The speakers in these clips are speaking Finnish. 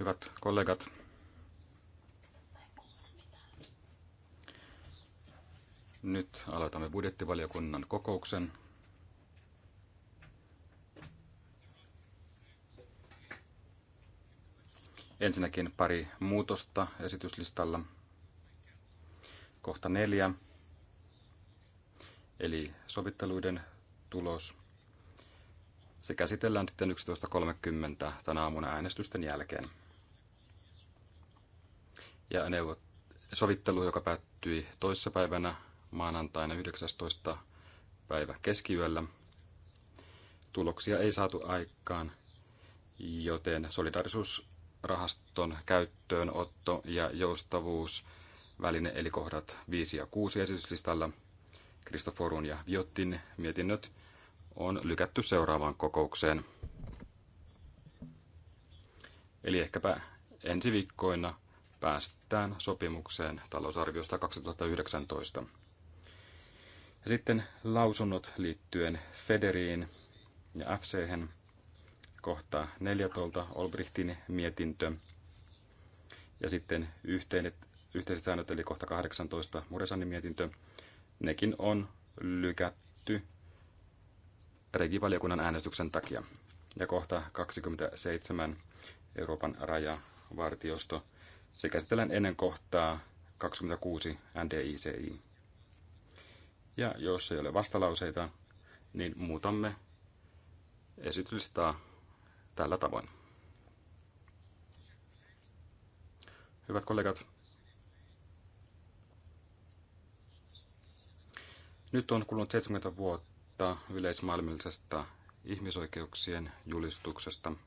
hyvät kollegat. Nyt aloitamme budjettivaliokunnan kokouksen. Ensinnäkin pari muutosta esityslistalla. Kohta neljä, eli sovitteluiden tulos. Se käsitellään sitten 11.30 tänä aamuna äänestysten jälkeen ja neuvot, sovittelu, joka päättyi toissapäivänä maanantaina 19. päivä keskiyöllä. Tuloksia ei saatu aikaan, joten solidarisuusrahaston käyttöönotto ja joustavuus väline eli kohdat 5 ja 6 esityslistalla Kristoforun ja Viottin mietinnöt on lykätty seuraavaan kokoukseen. Eli ehkäpä ensi viikkoina – päästään sopimukseen talousarviosta 2019. Ja sitten lausunnot liittyen Federiin ja fc kohta 14 Olbrichtin mietintö ja sitten yhteiset, yhteiset säännöt eli kohta 18 Muresanin mietintö. Nekin on lykätty regivaliokunnan äänestyksen takia. Ja kohta 27 Euroopan rajavartiosto. Se käsitellään ennen kohtaa 26 NDICI. Ja jos ei ole vastalauseita, niin muutamme esityslistaa tällä tavoin. Hyvät kollegat, nyt on kulunut 70 vuotta yleismaailmallisesta ihmisoikeuksien julistuksesta –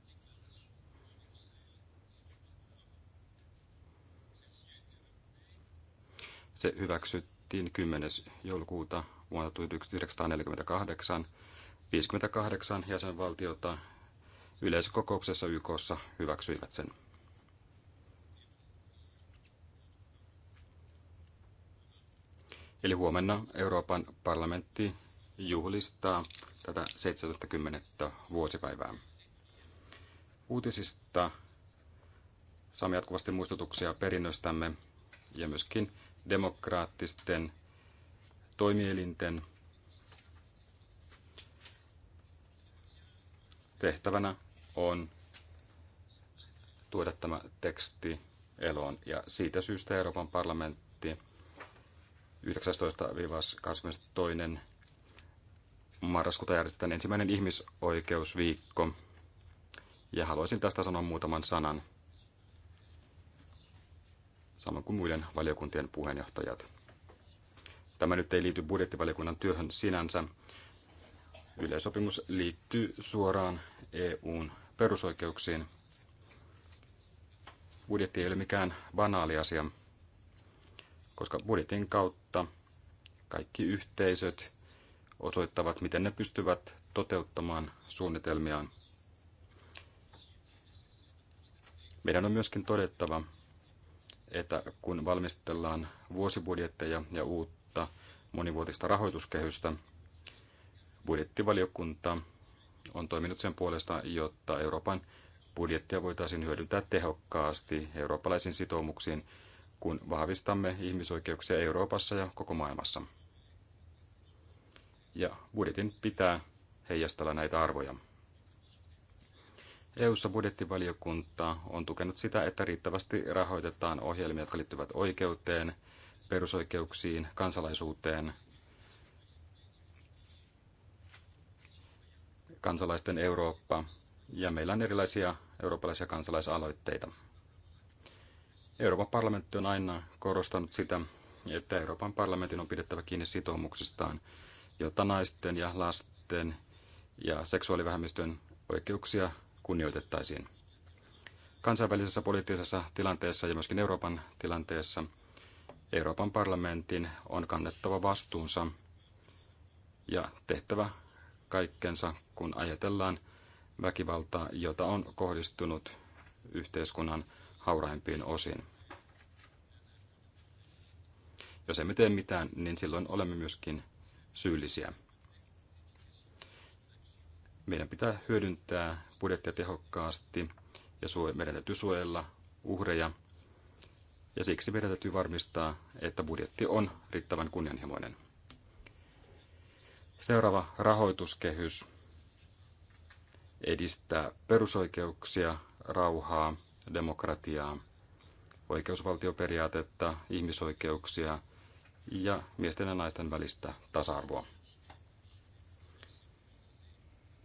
Se hyväksyttiin 10. joulukuuta vuonna 1948 58 jäsenvaltiota yleiskokouksessa YKssa hyväksyivät sen. Eli huomenna Euroopan parlamentti juhlistaa tätä 70. vuosipäivää. Uutisista saamme jatkuvasti muistutuksia perinnöstämme ja myöskin demokraattisten toimielinten tehtävänä on tuoda tämä teksti eloon. Ja siitä syystä Euroopan parlamentti 19-22. marraskuuta järjestetään ensimmäinen ihmisoikeusviikko. Ja haluaisin tästä sanoa muutaman sanan samoin kuin muiden valiokuntien puheenjohtajat. Tämä nyt ei liity budjettivaliokunnan työhön sinänsä. Yleisopimus liittyy suoraan EUn perusoikeuksiin. Budjetti ei ole mikään banaali asia, koska budjetin kautta kaikki yhteisöt osoittavat, miten ne pystyvät toteuttamaan suunnitelmiaan. Meidän on myöskin todettava, että kun valmistellaan vuosibudjetteja ja uutta monivuotista rahoituskehystä, budjettivaliokunta on toiminut sen puolesta, jotta Euroopan budjettia voitaisiin hyödyntää tehokkaasti eurooppalaisiin sitoumuksiin, kun vahvistamme ihmisoikeuksia Euroopassa ja koko maailmassa. Ja budjetin pitää heijastella näitä arvoja. EU:ssa budjettivaliokunta on tukenut sitä, että riittävästi rahoitetaan ohjelmia, jotka liittyvät oikeuteen, perusoikeuksiin, kansalaisuuteen, kansalaisten Eurooppa ja meillä on erilaisia eurooppalaisia kansalaisaloitteita. Euroopan parlamentti on aina korostanut sitä, että Euroopan parlamentin on pidettävä kiinni sitoumuksistaan, jotta naisten ja lasten ja seksuaalivähemmistön oikeuksia kunnioitettaisiin. Kansainvälisessä poliittisessa tilanteessa ja myöskin Euroopan tilanteessa Euroopan parlamentin on kannettava vastuunsa ja tehtävä kaikkensa, kun ajatellaan väkivaltaa, jota on kohdistunut yhteiskunnan hauraimpiin osiin. Jos emme tee mitään, niin silloin olemme myöskin syyllisiä. Meidän pitää hyödyntää budjettia tehokkaasti ja meidän täytyy suojella uhreja. Ja siksi meidän täytyy varmistaa, että budjetti on riittävän kunnianhimoinen. Seuraava rahoituskehys edistää perusoikeuksia, rauhaa, demokratiaa, oikeusvaltioperiaatetta, ihmisoikeuksia ja miesten ja naisten välistä tasa-arvoa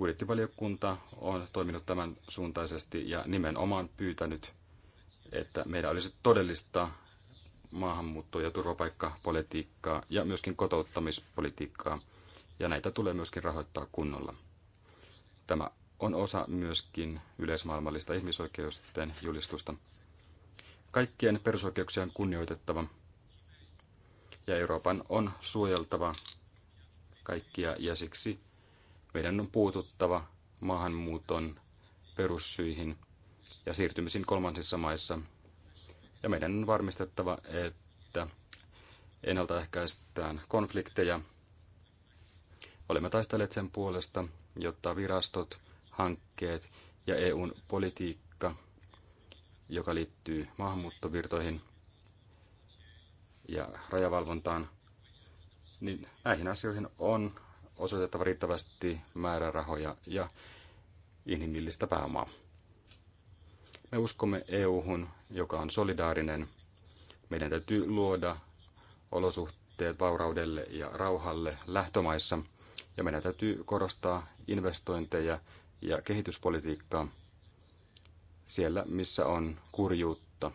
budjettivaliokunta on toiminut tämän suuntaisesti ja nimenomaan pyytänyt, että meidän olisi todellista maahanmuutto- ja turvapaikkapolitiikkaa ja myöskin kotouttamispolitiikkaa, ja näitä tulee myöskin rahoittaa kunnolla. Tämä on osa myöskin yleismaailmallista ihmisoikeusten julistusta. Kaikkien perusoikeuksia on kunnioitettava, ja Euroopan on suojeltava kaikkia, ja siksi meidän on puututtava maahanmuuton perussyihin ja siirtymisiin kolmansissa maissa. Ja meidän on varmistettava, että ennaltaehkäistään konflikteja. Olemme taistelleet sen puolesta, jotta virastot, hankkeet ja EUn politiikka, joka liittyy maahanmuuttovirtoihin ja rajavalvontaan, niin näihin asioihin on osoitettava riittävästi määrärahoja ja inhimillistä pääomaa. Me uskomme EU-hun, joka on solidaarinen. Meidän täytyy luoda olosuhteet vauraudelle ja rauhalle lähtömaissa, ja meidän täytyy korostaa investointeja ja kehityspolitiikkaa siellä, missä on kurjuutta.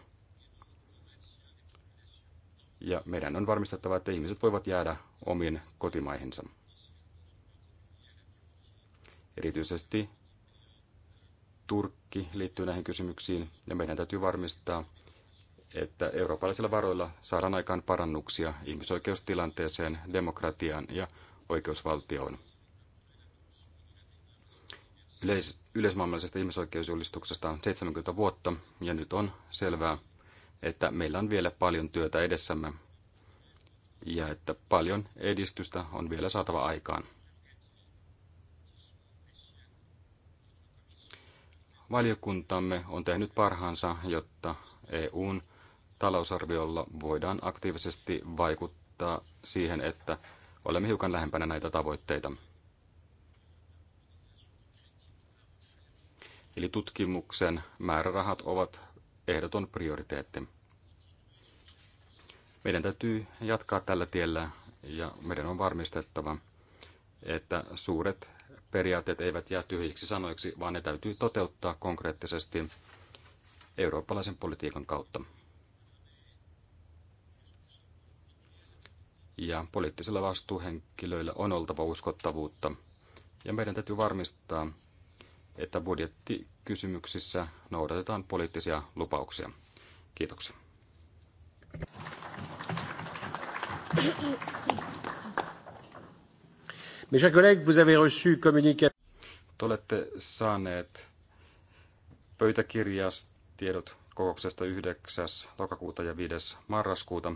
Ja meidän on varmistettava, että ihmiset voivat jäädä omiin kotimaihinsa. Erityisesti Turkki liittyy näihin kysymyksiin ja meidän täytyy varmistaa, että eurooppalaisilla varoilla saadaan aikaan parannuksia ihmisoikeustilanteeseen, demokratiaan ja oikeusvaltioon. Yleis- yleismaailmallisesta ihmisoikeusjulistuksesta on 70 vuotta ja nyt on selvää, että meillä on vielä paljon työtä edessämme ja että paljon edistystä on vielä saatava aikaan. Valiokuntamme on tehnyt parhaansa, jotta EUn talousarviolla voidaan aktiivisesti vaikuttaa siihen, että olemme hiukan lähempänä näitä tavoitteita. Eli tutkimuksen määrärahat ovat ehdoton prioriteetti. Meidän täytyy jatkaa tällä tiellä ja meidän on varmistettava, että suuret periaatteet eivät jää tyhjiksi sanoiksi, vaan ne täytyy toteuttaa konkreettisesti eurooppalaisen politiikan kautta. Ja poliittisilla vastuuhenkilöillä on oltava uskottavuutta. Ja meidän täytyy varmistaa, että budjettikysymyksissä noudatetaan poliittisia lupauksia. Kiitoksia. Mes chers collègues, vous avez reçu communication. Te olette saaneet pöytäkirjastiedot kokouksesta 9. lokakuuta ja 5. marraskuuta.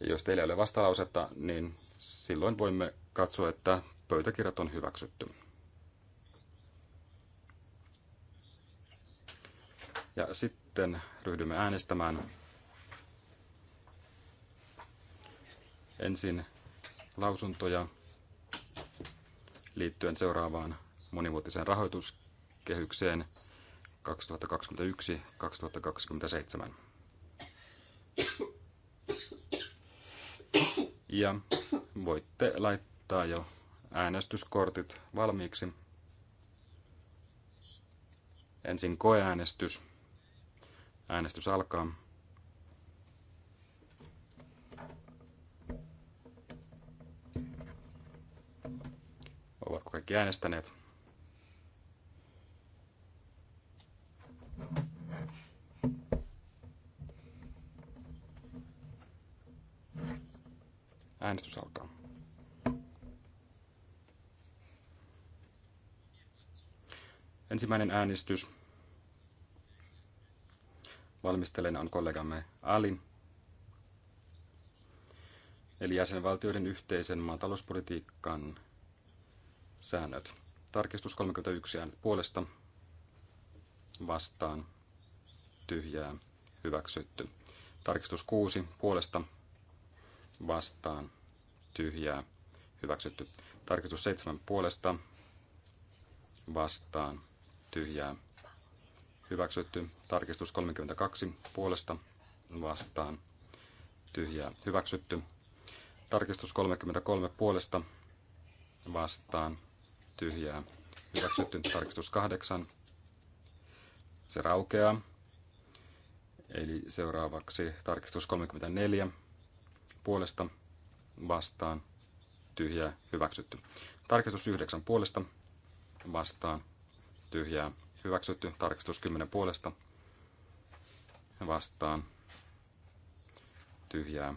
Ja jos teillä ei ole vastalausetta, niin silloin voimme katsoa, että pöytäkirjat on hyväksytty. Ja sitten ryhdymme äänestämään. Ensin lausuntoja liittyen seuraavaan monivuotiseen rahoituskehykseen 2021-2027. Ja voitte laittaa jo äänestyskortit valmiiksi. Ensin koeäänestys. Äänestys alkaa. Ovatko kaikki äänestäneet? Äänestys alkaa. Ensimmäinen äänestys. Valmistelijana on kollegamme Ali. Eli jäsenvaltioiden yhteisen maatalouspolitiikan säännöt. Tarkistus 31 äänet puolesta vastaan tyhjää hyväksytty. Tarkistus 6 puolesta vastaan tyhjää hyväksytty. Tarkistus 7 puolesta vastaan tyhjää hyväksytty. Tarkistus 32 puolesta vastaan tyhjää hyväksytty. Tarkistus 33 puolesta vastaan, vastaan tyhjää hyväksytty. Tarkistus 8. Se raukeaa. Eli seuraavaksi tarkistus 34 puolesta vastaan tyhjää hyväksytty. Tarkistus 9 puolesta vastaan tyhjää hyväksytty. Tarkistus 10 puolesta vastaan tyhjää.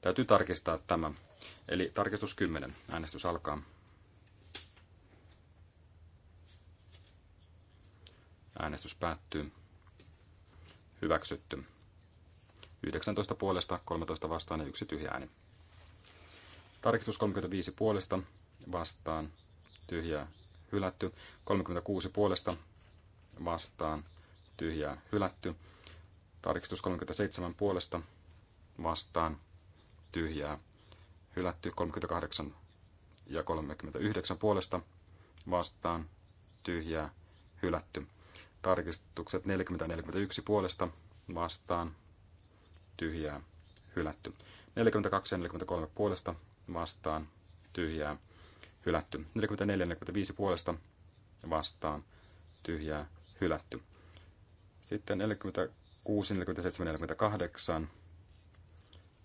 Täytyy tarkistaa tämä. Eli tarkistus 10. Äänestys alkaa. Äänestys päättyy. Hyväksytty. 19 puolesta, 13 vastaan ja yksi tyhjä ääni. Tarkistus 35 puolesta, vastaan, tyhjää, hylätty. 36 puolesta, vastaan, tyhjää, hylätty. Tarkistus 37 puolesta, vastaan, tyhjää, hylätty 38 ja 39 puolesta vastaan tyhjää hylätty. Tarkistukset 40-41 ja puolesta vastaan tyhjää hylätty. 42 ja 43 puolesta vastaan tyhjää hylätty. 44 ja 45 puolesta vastaan tyhjää hylätty. Sitten 46, 47, 48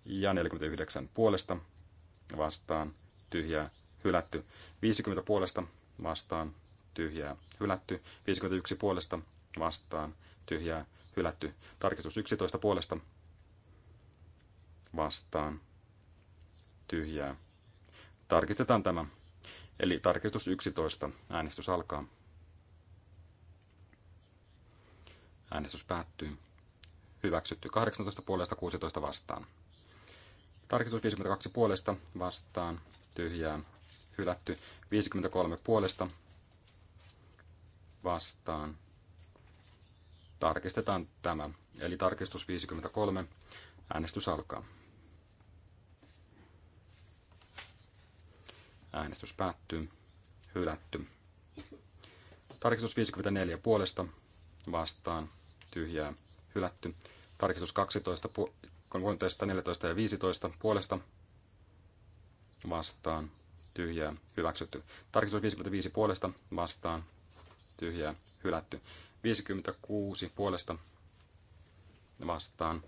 ja 49 puolesta vastaan tyhjää hylätty. 50 puolesta vastaan tyhjää hylätty. 51 puolesta vastaan tyhjää hylätty. Tarkistus 11 puolesta vastaan tyhjää. Tarkistetaan tämä. Eli tarkistus 11. Äänestys alkaa. Äänestys päättyy. Hyväksytty 18 puolesta 16 vastaan. Tarkistus 52 puolesta vastaan tyhjää hylätty. 53 puolesta vastaan. Tarkistetaan tämä. Eli tarkistus 53. Äänestys alkaa. Äänestys päättyy. Hylätty. Tarkistus 54 puolesta vastaan. Tyhjää. Hylätty. Tarkistus 12 13, 14 ja 15 puolesta vastaan tyhjää hyväksytty. Tarkistus 55 puolesta vastaan tyhjää hylätty. 56 puolesta vastaan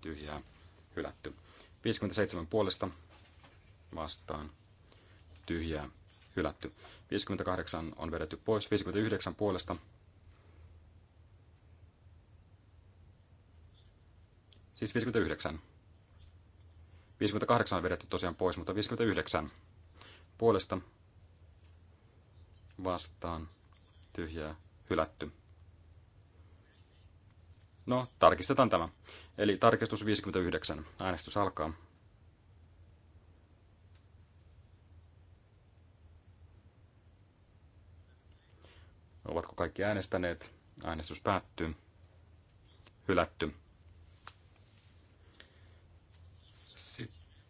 tyhjää hylätty. 57 puolesta vastaan tyhjää hylätty. 58 on vedetty pois. 59 puolesta Siis 59. 58 on vedetty tosiaan pois, mutta 59 puolesta vastaan tyhjää hylätty. No, tarkistetaan tämä. Eli tarkistus 59. Äänestys alkaa. Ovatko kaikki äänestäneet? Äänestys päättyy. Hylätty.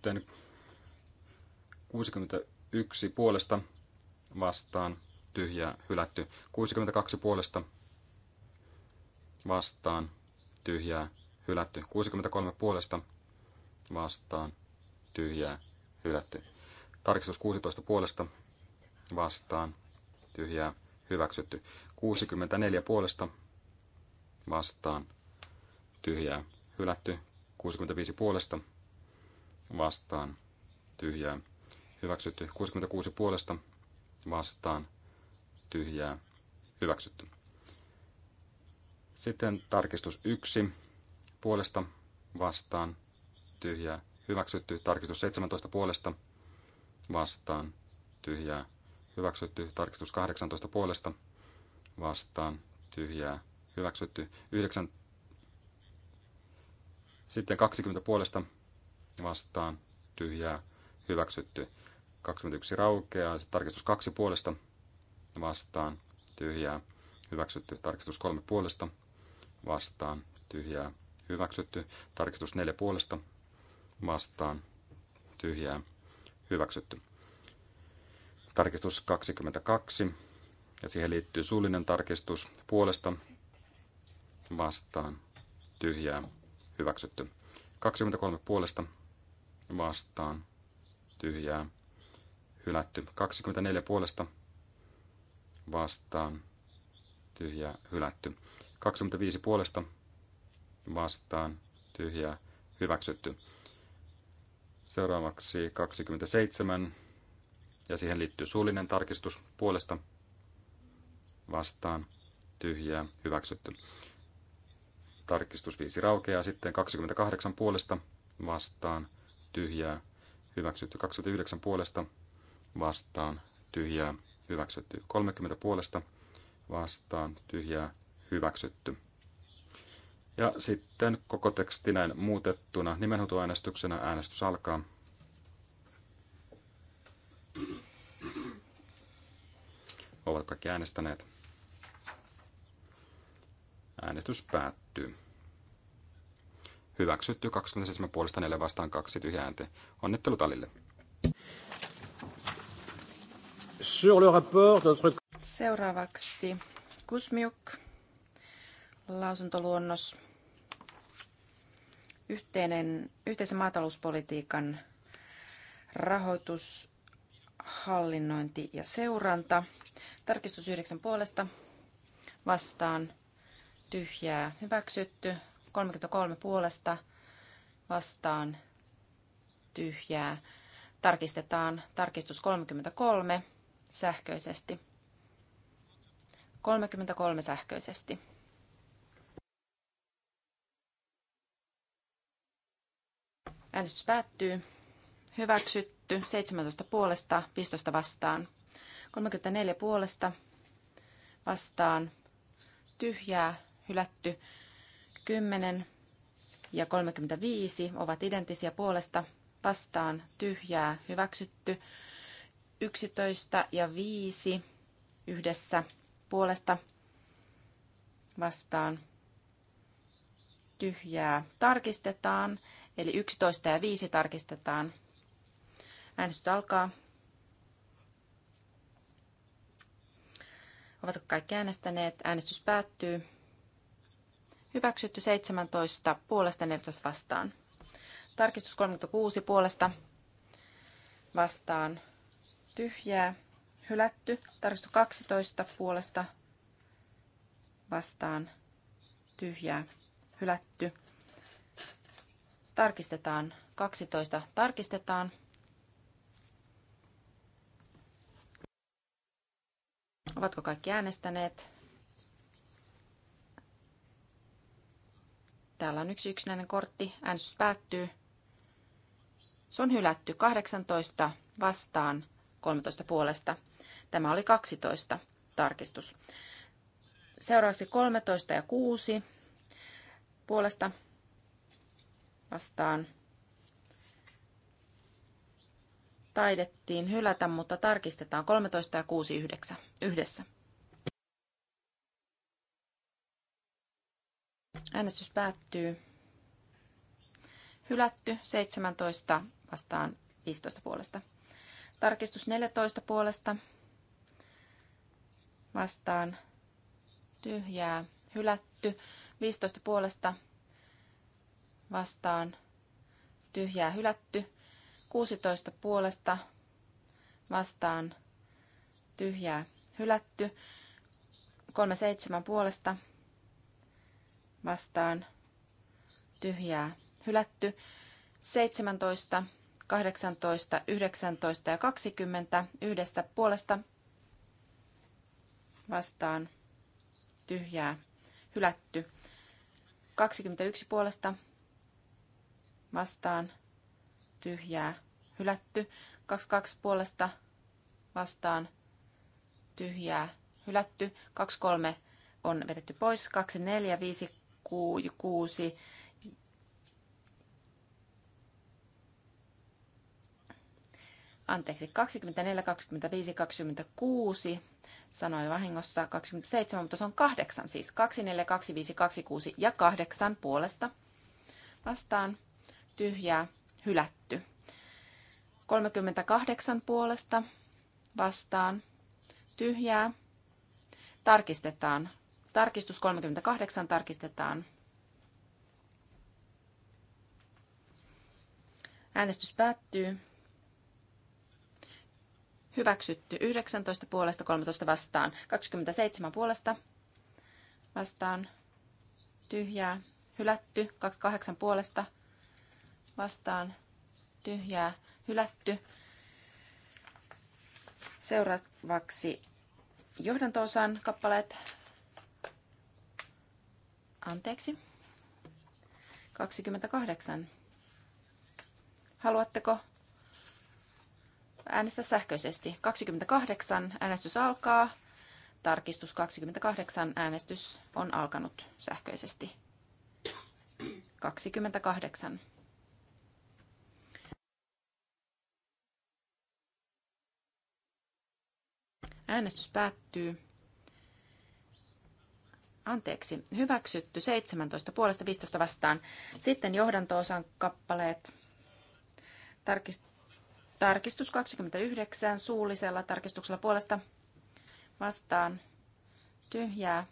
Sitten 61 puolesta vastaan tyhjä hylätty. 62 puolesta vastaan tyhjää hylätty. 63 puolesta vastaan tyhjää hylätty. Tarkistus 16 puolesta vastaan tyhjää hyväksytty. 64 puolesta vastaan tyhjää hylätty. 65 puolesta vastaan vastaan tyhjää hyväksytty. 66 puolesta vastaan tyhjää hyväksytty. Sitten tarkistus 1 puolesta vastaan tyhjää hyväksytty. Tarkistus 17 puolesta vastaan tyhjää hyväksytty. Tarkistus 18 puolesta vastaan tyhjää hyväksytty. 9 sitten 20 puolesta vastaan tyhjää hyväksytty. 21 raukeaa, tarkistus kaksi puolesta vastaan tyhjää hyväksytty. Tarkistus kolme puolesta vastaan tyhjää hyväksytty. Tarkistus neljä puolesta vastaan tyhjää hyväksytty. Tarkistus 22 ja siihen liittyy suullinen tarkistus puolesta vastaan tyhjää hyväksytty. 23 puolesta vastaan tyhjää hylätty. 24 puolesta vastaan tyhjää hylätty. 25 puolesta vastaan tyhjää hyväksytty. Seuraavaksi 27 ja siihen liittyy suullinen tarkistus puolesta vastaan tyhjää hyväksytty. Tarkistus 5 raukeaa sitten 28 puolesta vastaan tyhjää, hyväksytty 29 puolesta, vastaan tyhjää, hyväksytty 30 puolesta, vastaan tyhjää, hyväksytty. Ja sitten koko teksti näin muutettuna nimenhuutoäänestyksenä äänestys alkaa. Ovat kaikki äänestäneet. Äänestys päättyy. Hyväksytty 27 puolesta 4 vastaan 2 tyhjää ääntä. Onnittelut Alille. Seuraavaksi Kusmiuk, lausuntoluonnos. Yhteinen, yhteisen maatalouspolitiikan rahoitus, hallinnointi ja seuranta. Tarkistus 9 puolesta vastaan tyhjää hyväksytty. 33 puolesta vastaan tyhjää. Tarkistetaan tarkistus 33 sähköisesti. 33 sähköisesti. Äänestys päättyy. Hyväksytty 17 puolesta, 15 vastaan. 34 puolesta vastaan. Tyhjää, hylätty 10 ja 35 ovat identtisiä puolesta vastaan tyhjää hyväksytty. 11 ja 5 yhdessä puolesta vastaan tyhjää tarkistetaan. Eli 11 ja 5 tarkistetaan. Äänestys alkaa. Ovatko kaikki äänestäneet? Äänestys päättyy. Hyväksytty 17 puolesta 14 vastaan. Tarkistus 36 puolesta vastaan. Tyhjää. Hylätty. Tarkistus 12 puolesta vastaan. Tyhjää. Hylätty. Tarkistetaan. 12 tarkistetaan. Ovatko kaikki äänestäneet? Täällä on yksi yksinäinen kortti. Äänestys päättyy. Se on hylätty 18 vastaan 13 puolesta. Tämä oli 12 tarkistus. Seuraavaksi 13 ja 6 puolesta vastaan. Taidettiin hylätä, mutta tarkistetaan 13 ja 6 yhdessä. Äänestys päättyy. Hylätty 17 vastaan 15 puolesta. Tarkistus 14 puolesta vastaan tyhjää hylätty. 15 puolesta vastaan tyhjää hylätty. 16 puolesta vastaan tyhjää hylätty. 37 puolesta vastaan vastaan tyhjää hylätty. 17, 18, 19 ja 20 yhdestä puolesta vastaan tyhjää hylätty. 21 puolesta vastaan tyhjää hylätty. 22 puolesta vastaan tyhjää hylätty. 23 on vedetty pois. 24, 5, kuusi anteeksi, 24, 25, 26, sanoi vahingossa 27, mutta se on kahdeksan siis 24, 25, 26 ja kahdeksan puolesta. Vastaan tyhjää, hylätty. 38 puolesta vastaan tyhjää. Tarkistetaan Tarkistus 38 tarkistetaan. Äänestys päättyy. Hyväksytty 19 puolesta 13 vastaan. 27 puolesta vastaan. Tyhjää. Hylätty 28 puolesta vastaan. Tyhjää. Hylätty. Seuraavaksi johdantoosan kappaleet Anteeksi. 28. Haluatteko äänestää sähköisesti? 28. Äänestys alkaa. Tarkistus 28. Äänestys on alkanut sähköisesti. 28. Äänestys päättyy anteeksi, hyväksytty 17 puolesta 15 vastaan. Sitten johdanto-osan kappaleet. Tarkist, tarkistus 29 suullisella tarkistuksella puolesta vastaan. Tyhjää,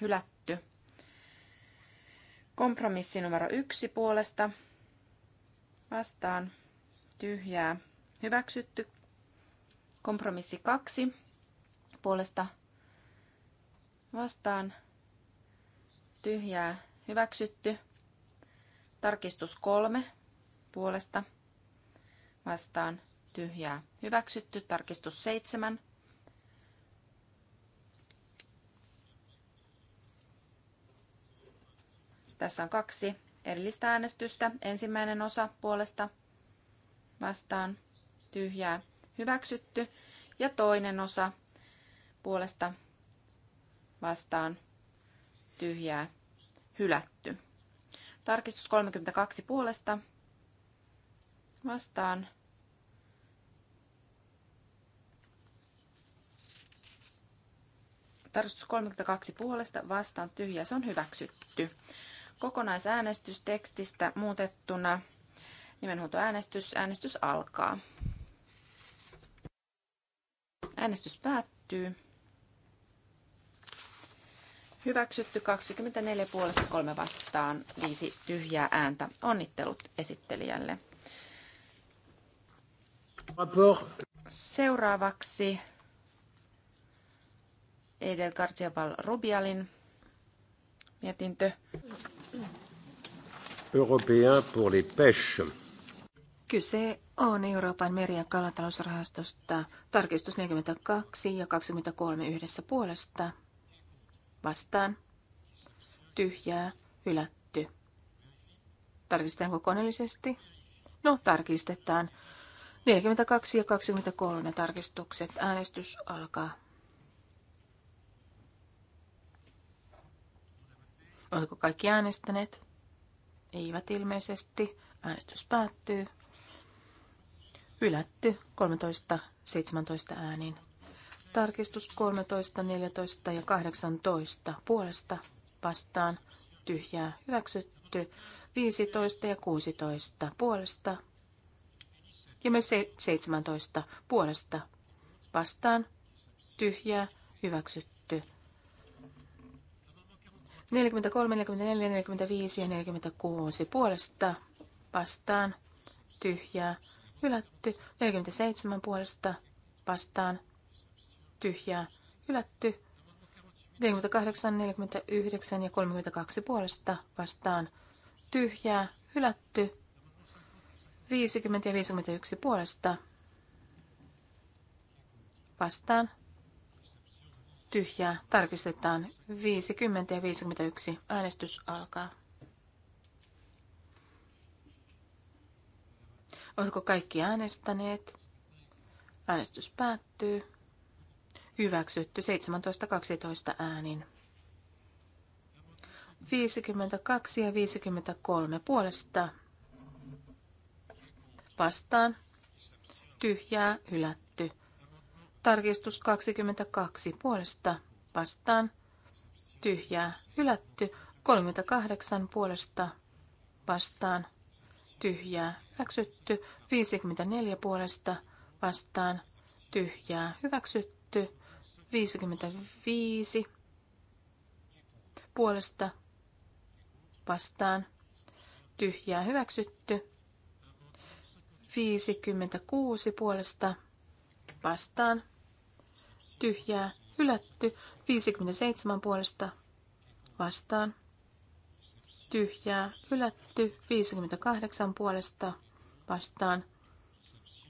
hylätty. Kompromissi numero 1 puolesta vastaan. Tyhjää, hyväksytty. Kompromissi 2 puolesta vastaan tyhjää hyväksytty. Tarkistus kolme puolesta vastaan tyhjää hyväksytty. Tarkistus seitsemän Tässä on kaksi erillistä äänestystä. Ensimmäinen osa puolesta vastaan tyhjää hyväksytty ja toinen osa puolesta vastaan tyhjää hylätty. Tarkistus 32 puolesta vastaan Tarkistus 32 puolesta vastaan tyhjä, se on hyväksytty. Kokonaisäänestys tekstistä muutettuna Nimenhuoltoäänestys. äänestys alkaa. Äänestys päättyy. Hyväksytty 24 puolesta 3 vastaan, 5 tyhjää ääntä. Onnittelut esittelijälle. Seuraavaksi Edel Garciaval Rubialin mietintö. Européen pour les pêches. Kyse on Euroopan meri- ja kalatalousrahastosta tarkistus 42 ja 23 yhdessä puolesta vastaan, tyhjää, hylätty. Tarkistetaanko koneellisesti? No, tarkistetaan. 42 ja 23 tarkistukset. Äänestys alkaa. Oletko kaikki äänestäneet? Eivät ilmeisesti. Äänestys päättyy. Hylätty 13-17 äänin. Tarkistus 13, 14 ja 18 puolesta vastaan tyhjää hyväksytty. 15 ja 16 puolesta ja me 17 puolesta vastaan tyhjää hyväksytty. 43, 44, 45 ja 46 puolesta vastaan tyhjää hylätty. 47 puolesta vastaan tyhjää, hylätty. 48, 49 ja 32 puolesta vastaan, tyhjää, hylätty. 50 ja 51 puolesta vastaan, tyhjää, tarkistetaan. 50 ja 51, äänestys alkaa. Oletko kaikki äänestäneet? Äänestys päättyy. Hyväksytty 17.12 äänin. 52 ja 53 puolesta vastaan. Tyhjää hylätty. Tarkistus 22 puolesta vastaan. Tyhjää hylätty. 38 puolesta vastaan. Tyhjää hyväksytty. 54 puolesta vastaan. Tyhjää hyväksytty. 55 puolesta vastaan tyhjää hyväksytty. 56 puolesta vastaan tyhjää hylätty. 57 puolesta vastaan tyhjää hylätty. 58 puolesta vastaan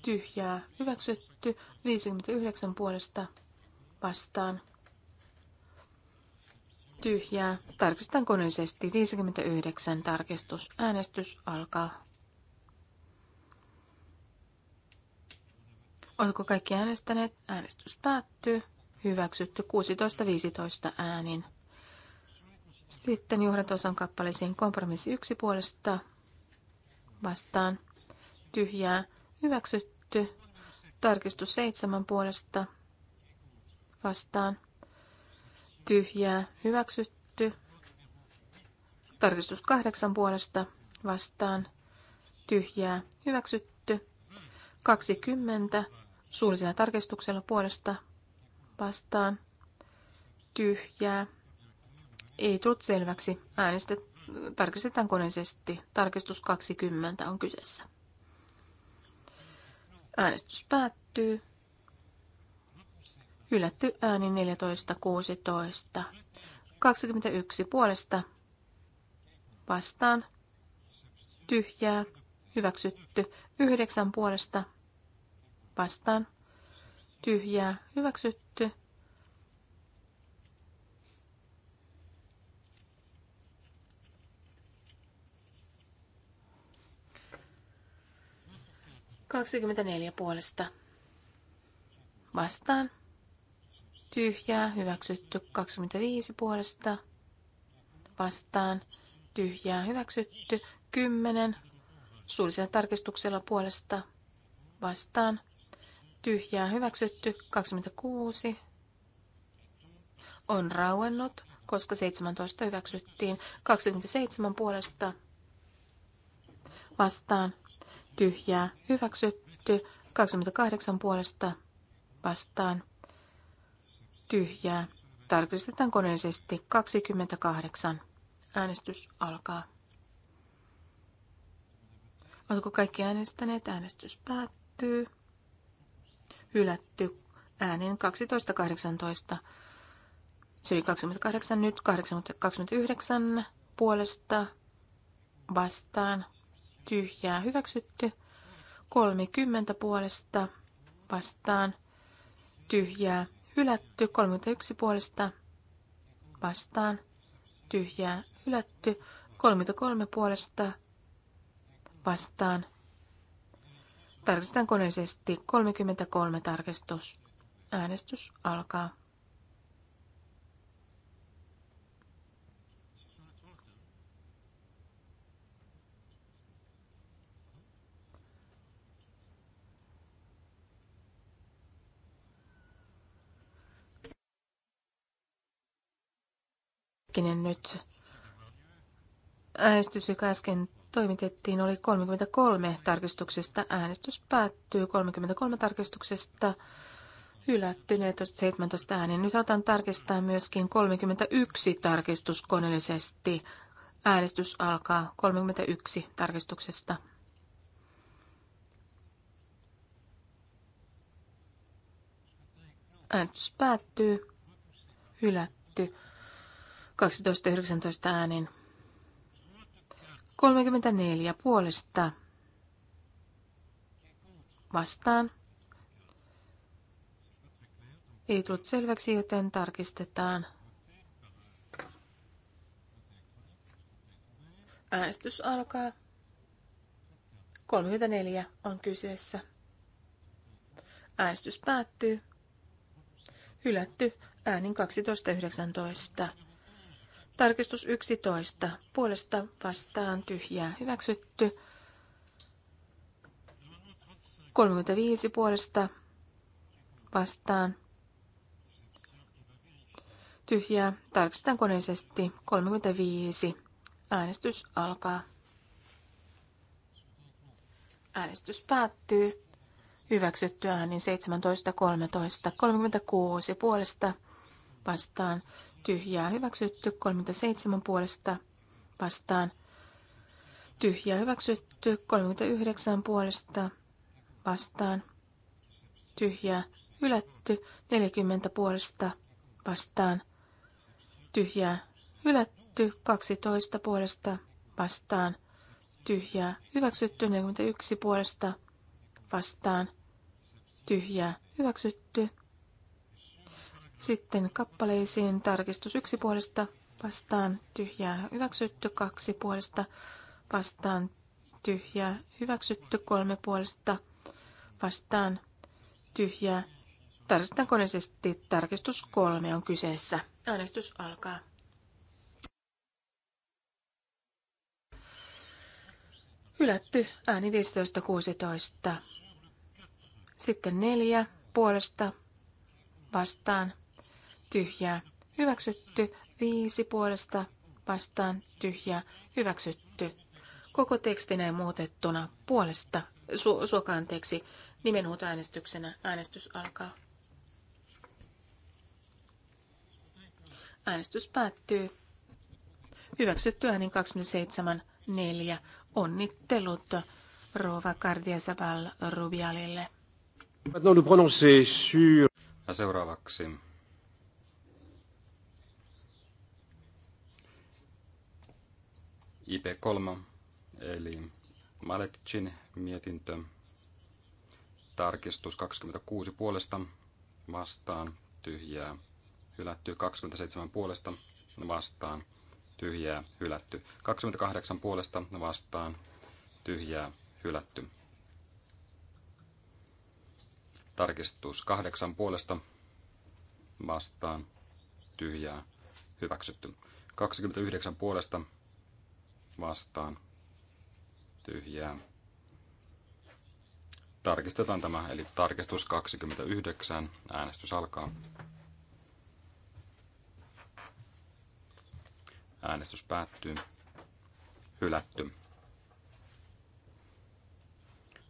tyhjää hyväksytty. 59 puolesta vastaan vastaan. Tyhjää. Tarkistetaan koneellisesti. 59 tarkistus. Äänestys alkaa. Oletko kaikki äänestäneet? Äänestys päättyy. Hyväksytty 16-15 äänin. Sitten johdantosan kappaleisiin kompromissi yksi puolesta vastaan. Tyhjää. Hyväksytty. Tarkistus seitsemän puolesta vastaan tyhjää hyväksytty. Tarkistus kahdeksan puolesta vastaan tyhjää hyväksytty. 20 suullisella tarkistuksella puolesta vastaan tyhjää. Ei tullut selväksi. Äänestä tarkistetaan koneisesti. Tarkistus 20 on kyseessä. Äänestys päättyy. Hylätty ääni 14, 16. 21 puolesta vastaan. Tyhjää. Hyväksytty. 9 puolesta vastaan. Tyhjää. Hyväksytty. Kaksikymmentäneljä puolesta. Vastaan tyhjää, hyväksytty 25 puolesta vastaan, tyhjää, hyväksytty 10 suullisella tarkistuksella puolesta vastaan, tyhjää, hyväksytty 26 on rauennut, koska 17 hyväksyttiin 27 puolesta vastaan, tyhjää, hyväksytty 28 puolesta vastaan tyhjää. Tarkistetaan koneellisesti 28. Äänestys alkaa. Oletko kaikki äänestäneet? Äänestys päättyy. Hylätty äänen 12.18. Se oli 28, nyt 29 puolesta vastaan tyhjää hyväksytty. 30 puolesta vastaan tyhjää hylätty, 31 puolesta vastaan, tyhjää, hylätty, 33 puolesta vastaan. Tarkistetaan koneisesti 33 tarkistus. Äänestys alkaa. hetkinen nyt. Äänestys, joka äsken toimitettiin, oli 33 tarkistuksesta. Äänestys päättyy 33 tarkistuksesta hylätty 17 ääniä. Nyt halutaan tarkistaa myöskin 31 tarkistus koneellisesti. Äänestys alkaa 31 tarkistuksesta. Äänestys päättyy. Hylätty. 12.19 äänin. 34 puolesta vastaan. Ei tullut selväksi, joten tarkistetaan. Äänestys alkaa. 34 on kyseessä. Äänestys päättyy. Hylätty äänin 12.19. Tarkistus 11. Puolesta vastaan tyhjää hyväksytty. 35 puolesta vastaan tyhjää. Tarkistetaan koneisesti 35. Äänestys alkaa. Äänestys päättyy. Hyväksytty äänin 17.13. 36 puolesta vastaan tyhjää hyväksytty, 37 puolesta vastaan, tyhjää hyväksytty, 39 puolesta vastaan, tyhjää hylätty, 40 puolesta vastaan, tyhjää hylätty, 12 puolesta vastaan, tyhjää hyväksytty, 41 puolesta vastaan, tyhjää hyväksytty, sitten kappaleisiin tarkistus yksi puolesta vastaan tyhjää hyväksytty, kaksi puolesta vastaan tyhjää hyväksytty, kolme puolesta vastaan tyhjää. Tarkistetaan koneisesti tarkistus kolme on kyseessä. Äänestys alkaa. Hylätty ääni 15.16. Sitten neljä puolesta vastaan tyhjää, hyväksytty. Viisi puolesta vastaan, tyhjää, hyväksytty. Koko teksti näin muutettuna puolesta, su- suokaanteeksi, äänestyksenä äänestys alkaa. Äänestys päättyy. Hyväksytty äänin 27.4. Onnittelut Rova Cardiasabal Rubialille. Ja seuraavaksi IP3, eli Maleticin mietintö, tarkistus 26 puolesta vastaan tyhjää hylätty, 27 puolesta vastaan tyhjää hylätty, 28 puolesta vastaan tyhjää hylätty. Tarkistus 8 puolesta vastaan tyhjää hyväksytty. 29 puolesta vastaan tyhjää. Tarkistetaan tämä, eli tarkistus 29. Äänestys alkaa. Äänestys päättyy. Hylätty.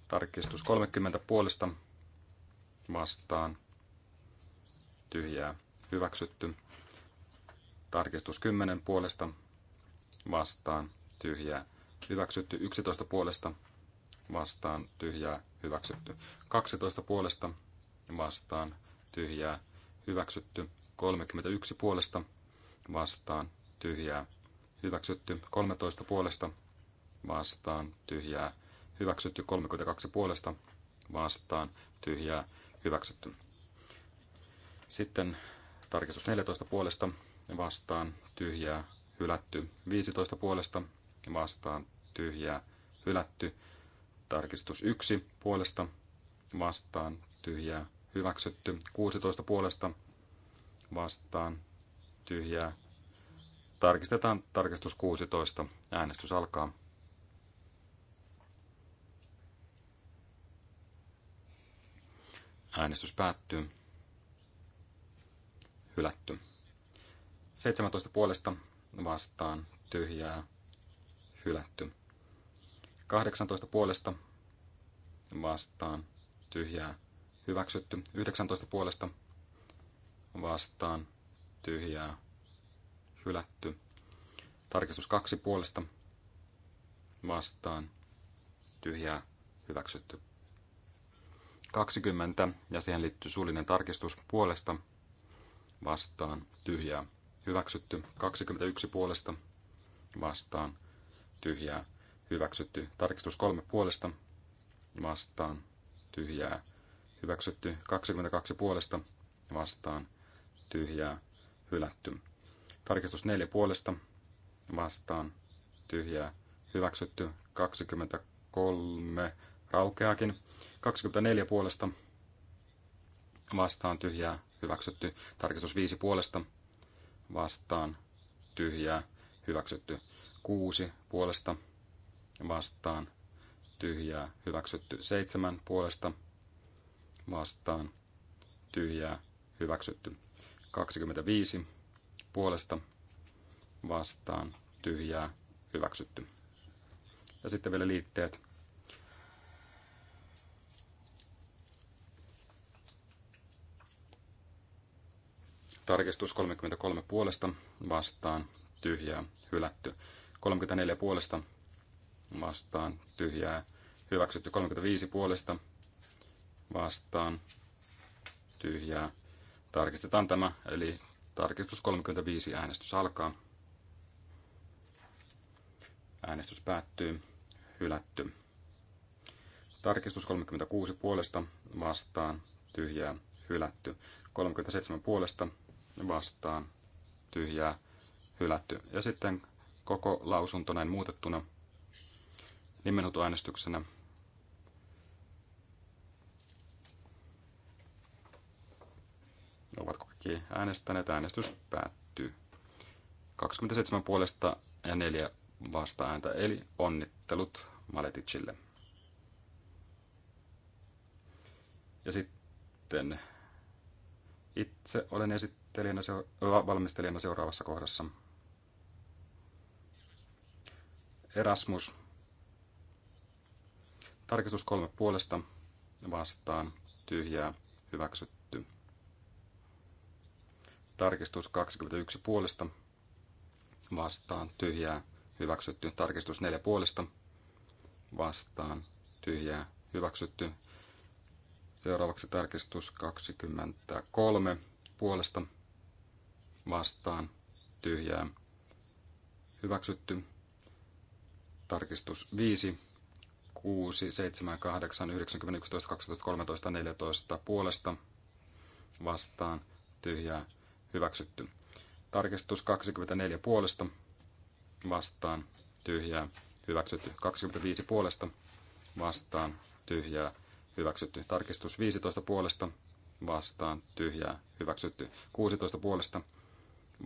Tarkistus 30 puolesta vastaan. Tyhjää. Hyväksytty. Tarkistus 10 puolesta vastaan tyhjää hyväksytty. 11 puolesta vastaan tyhjää hyväksytty. 12 puolesta vastaan tyhjää hyväksytty. 31 puolesta vastaan tyhjää hyväksytty. 13 puolesta vastaan tyhjää hyväksytty. 32 puolesta vastaan tyhjää hyväksytty. Sitten tarkistus 14 puolesta vastaan tyhjää hylätty. 15 puolesta vastaan tyhjää hylätty. Tarkistus 1 puolesta vastaan tyhjää hyväksytty. 16 puolesta vastaan tyhjää. Tarkistetaan tarkistus 16. Äänestys alkaa. Äänestys päättyy. Hylätty. 17 puolesta vastaan tyhjää hylätty. 18 puolesta vastaan tyhjää hyväksytty. 19 puolesta vastaan tyhjää hylätty. Tarkistus 2 puolesta vastaan tyhjää hyväksytty. 20 ja siihen liittyy suullinen tarkistus puolesta vastaan tyhjää hyväksytty. 21 puolesta vastaan tyhjää hyväksytty. Tarkistus kolme puolesta vastaan tyhjää hyväksytty. 22 puolesta vastaan tyhjää hylätty. Tarkistus neljä puolesta vastaan tyhjää hyväksytty. 23 raukeakin. 24 puolesta vastaan tyhjää hyväksytty. Tarkistus 5 puolesta vastaan tyhjää hyväksytty. 6 puolesta vastaan tyhjää hyväksytty 7 puolesta vastaan tyhjää hyväksytty 25 puolesta vastaan tyhjää hyväksytty. Ja sitten vielä liitteet. Tarkistus 33 puolesta vastaan tyhjää hylätty. 34 puolesta vastaan tyhjää hyväksytty. 35 puolesta vastaan tyhjää. Tarkistetaan tämä, eli tarkistus 35 äänestys alkaa. Äänestys päättyy. Hylätty. Tarkistus 36 puolesta vastaan tyhjää hylätty. 37 puolesta vastaan tyhjää hylätty. Ja sitten koko lausunto näin muutettuna nimenhuutoäänestyksenä. Ovatko kaikki äänestäneet? Äänestys päättyy. 27 puolesta ja 4 vasta ääntä, eli onnittelut Maleticille. Ja sitten itse olen esittelijänä, valmistelijana seuraavassa kohdassa. Erasmus. Tarkistus kolme puolesta vastaan tyhjää hyväksytty. Tarkistus 21 puolesta vastaan tyhjää hyväksytty. Tarkistus 4 puolesta vastaan tyhjää hyväksytty. Seuraavaksi tarkistus 23 puolesta vastaan tyhjää hyväksytty. Tarkistus 5, 6, 7, 8, 9, 10, 11, 12, 13, 14 puolesta vastaan tyhjää hyväksytty. Tarkistus 24 puolesta vastaan tyhjää hyväksytty. 25 puolesta vastaan tyhjää hyväksytty. Tarkistus 15 puolesta vastaan tyhjää hyväksytty. 16 puolesta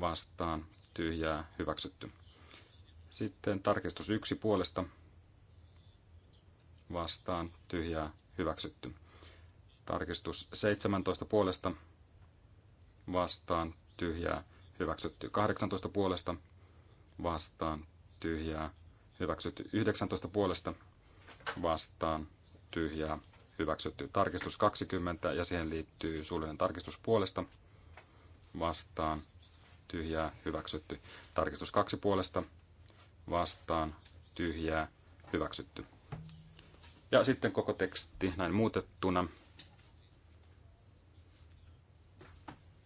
vastaan tyhjää hyväksytty. Sitten tarkistus yksi puolesta vastaan tyhjää hyväksytty. Tarkistus 17 puolesta vastaan tyhjää hyväksytty. 18 puolesta vastaan tyhjää hyväksytty. 19 puolesta vastaan tyhjää hyväksytty. Tarkistus 20 ja siihen liittyy suullinen tarkistus puolesta vastaan tyhjää hyväksytty. Tarkistus 2 puolesta vastaan tyhjää hyväksytty. Ja sitten koko teksti näin muutettuna.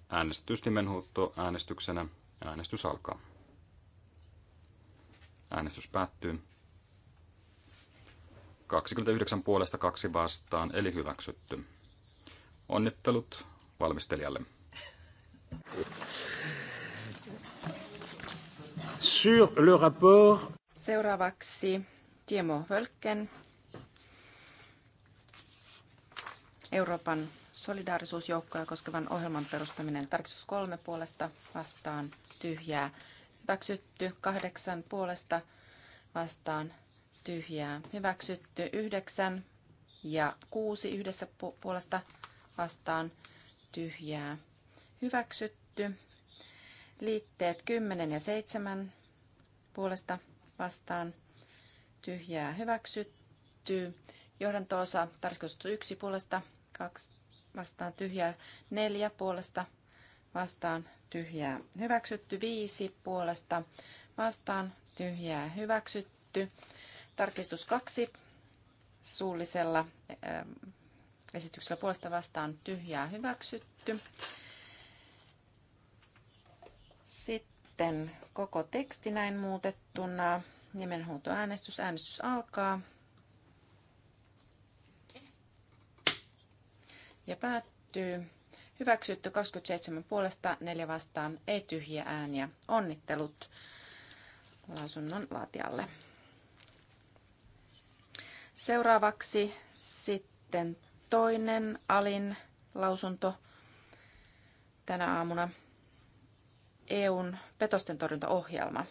Äänestys nimenhuutto äänestyksenä. Äänestys alkaa. Äänestys päättyy. 29 puolesta kaksi vastaan, eli hyväksytty. Onnittelut valmistelijalle. sur le rapport. Seuraavaksi Timo Völken. Euroopan solidaarisuusjoukkoja koskevan ohjelman perustaminen tarkistus kolme puolesta vastaan tyhjää. Hyväksytty kahdeksan puolesta vastaan tyhjää. Hyväksytty yhdeksän ja kuusi yhdessä puolesta vastaan tyhjää. Hyväksytty. Liitteet 10 ja 7 puolesta vastaan tyhjää hyväksytty. osa tarkistus 1 puolesta 2 vastaan tyhjää 4 puolesta vastaan tyhjää hyväksytty 5 puolesta vastaan tyhjää hyväksytty. Tarkistus 2 suullisella ähm, esityksellä puolesta vastaan tyhjää hyväksytty. Sitten sitten koko teksti näin muutettuna. Nimenhuutoäänestys. Äänestys alkaa. Ja päättyy. Hyväksytty 27 puolesta, 4 vastaan, ei tyhjiä ääniä. Onnittelut lausunnon laatijalle. Seuraavaksi sitten toinen Alin lausunto tänä aamuna. EUn petosten torjuntaohjelma.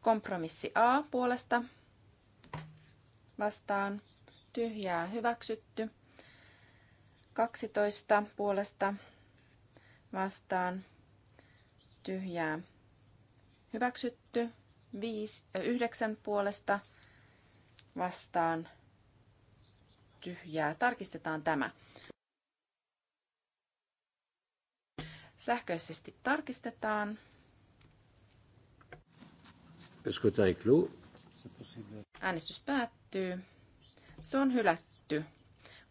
Kompromissi A puolesta vastaan tyhjää hyväksytty. 12 puolesta vastaan tyhjää hyväksytty. 9 äh, puolesta vastaan tyhjää. Tarkistetaan tämä. Sähköisesti tarkistetaan. Äänestys päättyy. Se on hylätty.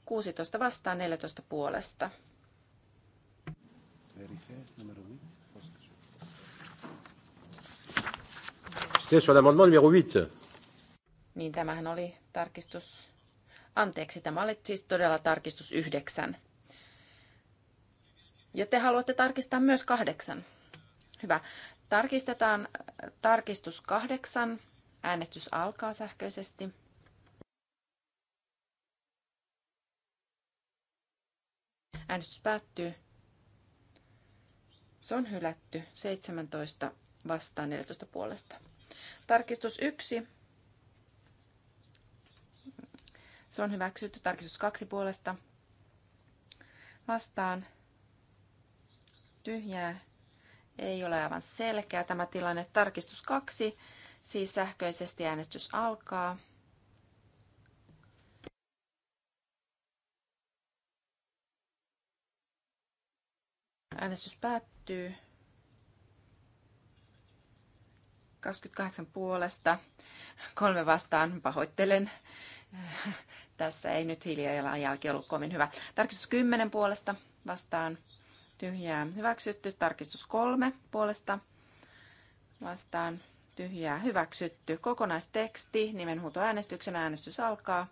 16 vastaan 14 puolesta. Niin tämähän oli tarkistus. Anteeksi, tämä oli siis todella tarkistus yhdeksän. Ja te haluatte tarkistaa myös kahdeksan. Hyvä. Tarkistetaan äh, tarkistus kahdeksan. Äänestys alkaa sähköisesti. Äänestys päättyy. Se on hylätty 17 vastaan 14 puolesta. Tarkistus 1. Se on hyväksytty. Tarkistus 2 puolesta vastaan tyhjää, ei ole aivan selkeä tämä tilanne. Tarkistus 2, siis sähköisesti äänestys alkaa. Äänestys päättyy. 28 puolesta, kolme vastaan, pahoittelen. Tässä ei nyt hiljaa jälki ollut kovin hyvä. Tarkistus 10 puolesta vastaan, tyhjää hyväksytty. Tarkistus kolme puolesta vastaan tyhjää hyväksytty. Kokonaisteksti nimenhuutoäänestyksen äänestys alkaa.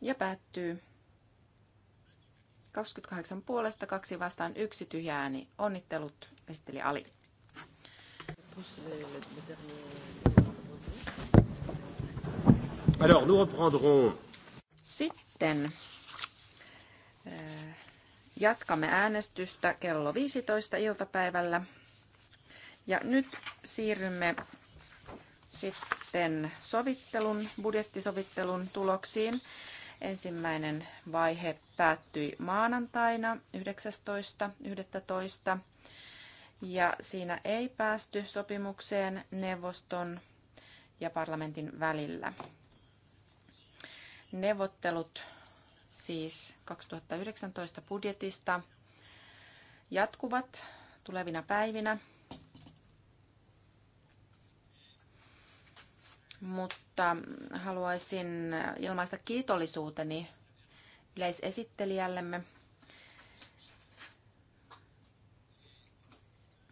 Ja päättyy. 28 puolesta, kaksi vastaan, yksi tyhjä ääni. Onnittelut esitteli Ali. Euh, Alors, nous reprendrons. Sitten äh, jatkamme äänestystä kello 15 iltapäivällä. Ja nyt siirrymme sitten sovittelun, budjettisovittelun tuloksiin. Ensimmäinen vaihe päättyi maanantaina 19.11. Ja siinä ei päästy sopimukseen neuvoston ja parlamentin välillä. Neuvottelut siis 2019 budjetista jatkuvat tulevina päivinä. Mutta haluaisin ilmaista kiitollisuuteni yleisesittelijällemme,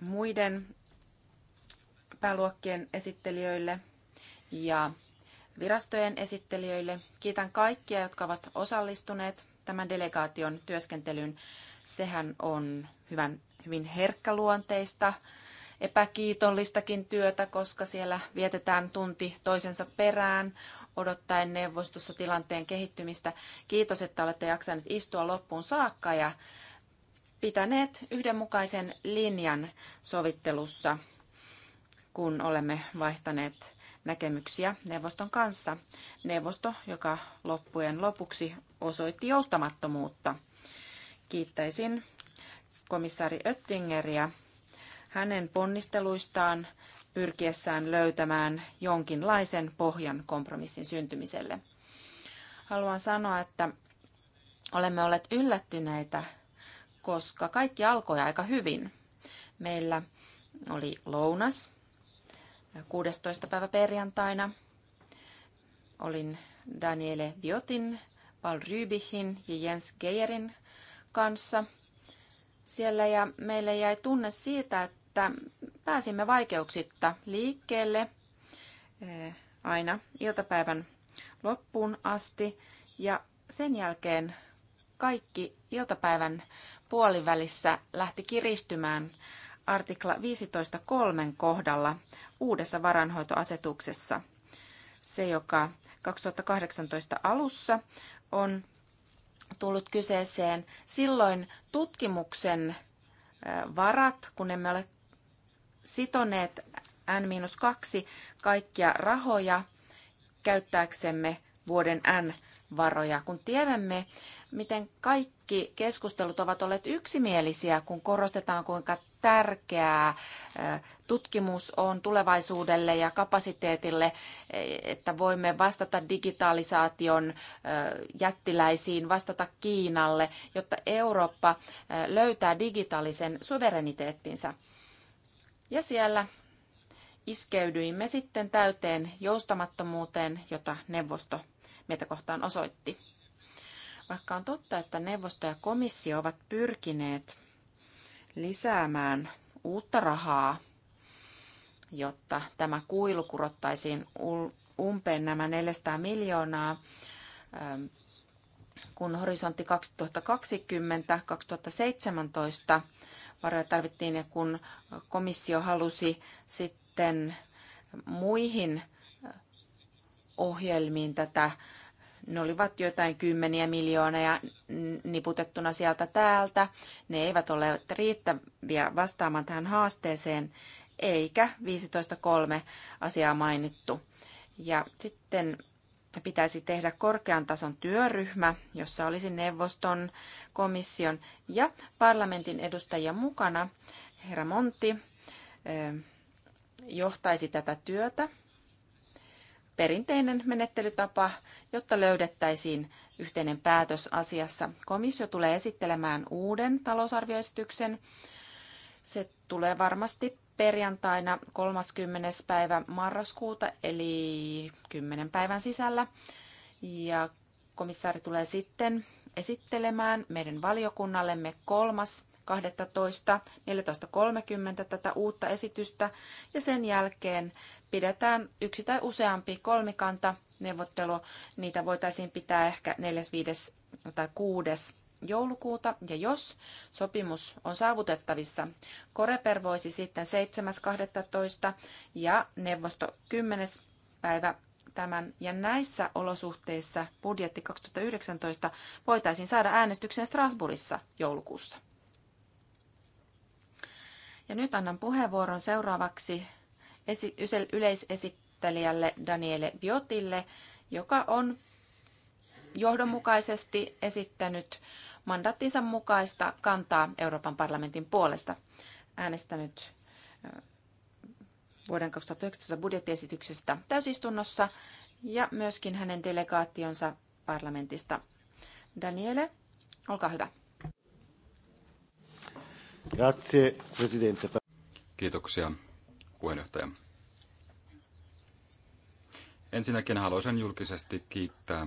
muiden pääluokkien esittelijöille ja virastojen esittelijöille. Kiitän kaikkia, jotka ovat osallistuneet tämän delegaation työskentelyyn. Sehän on hyvän, hyvin herkkäluonteista, epäkiitollistakin työtä, koska siellä vietetään tunti toisensa perään odottaen neuvostossa tilanteen kehittymistä. Kiitos, että olette jaksaneet istua loppuun saakka ja pitäneet yhdenmukaisen linjan sovittelussa, kun olemme vaihtaneet näkemyksiä neuvoston kanssa. Neuvosto, joka loppujen lopuksi osoitti joustamattomuutta. Kiittäisin komissaari Öttingeriä hänen ponnisteluistaan pyrkiessään löytämään jonkinlaisen pohjan kompromissin syntymiselle. Haluan sanoa, että olemme olleet yllättyneitä, koska kaikki alkoi aika hyvin. Meillä oli lounas 16. päivä perjantaina olin Daniele Viotin, Paul Rybihin ja Jens Geierin kanssa siellä ja meille jäi tunne siitä, että pääsimme vaikeuksitta liikkeelle eh, aina iltapäivän loppuun asti ja sen jälkeen kaikki iltapäivän puolivälissä lähti kiristymään artikla 15.3 kohdalla uudessa varanhoitoasetuksessa. Se, joka 2018 alussa on tullut kyseeseen. Silloin tutkimuksen varat, kun emme ole sitoneet N-2 kaikkia rahoja käyttääksemme vuoden N varoja, kun tiedämme, miten kaikki keskustelut ovat olleet yksimielisiä, kun korostetaan, kuinka tärkeää tutkimus on tulevaisuudelle ja kapasiteetille, e, että voimme vastata digitalisaation jättiläisiin, vastata Kiinalle, jotta Eurooppa löytää digitaalisen suvereniteettinsa. Ja siellä iskeydyimme sitten täyteen joustamattomuuteen, jota neuvosto meitä kohtaan osoitti. Vaikka on totta, että neuvosto ja komissio ovat pyrkineet – lisäämään uutta rahaa, jotta tämä kuilu kurottaisiin umpeen nämä 400 miljoonaa, ähm, kun horisontti 2020-2017 varoja tarvittiin ja kun komissio halusi sitten muihin äh, ohjelmiin tätä ne olivat jotain kymmeniä miljoonia niputettuna sieltä täältä. Ne eivät ole riittäviä vastaamaan tähän haasteeseen, eikä 15.3 asiaa mainittu. Ja sitten pitäisi tehdä korkean tason työryhmä, jossa olisi neuvoston, komission ja parlamentin edustajia mukana. Herra Montti johtaisi tätä työtä perinteinen menettelytapa, jotta löydettäisiin yhteinen päätös asiassa. Komissio tulee esittelemään uuden talousarvioesityksen. Se tulee varmasti perjantaina 30. päivä marraskuuta, eli 10 päivän sisällä. Ja komissaari tulee sitten esittelemään meidän valiokunnallemme 3. 12. tätä uutta esitystä ja sen jälkeen pidetään yksi tai useampi kolmikanta neuvottelu. Niitä voitaisiin pitää ehkä 4., 5. tai 6. joulukuuta. Ja jos sopimus on saavutettavissa, Koreper voisi sitten 7.12. ja neuvosto 10. päivä tämän ja näissä olosuhteissa budjetti 2019 voitaisiin saada äänestykseen Strasbourgissa joulukuussa. Ja nyt annan puheenvuoron seuraavaksi esi- yleisesittelijälle Daniele Biotille, joka on johdonmukaisesti esittänyt mandaattinsa mukaista kantaa Euroopan parlamentin puolesta. Äänestänyt vuoden 2019 budjettiesityksestä täysistunnossa ja myöskin hänen delegaationsa parlamentista. Daniele, olkaa hyvä. Grazie, presidente. Kiitoksia puheenjohtaja. Ensinnäkin haluaisin julkisesti kiittää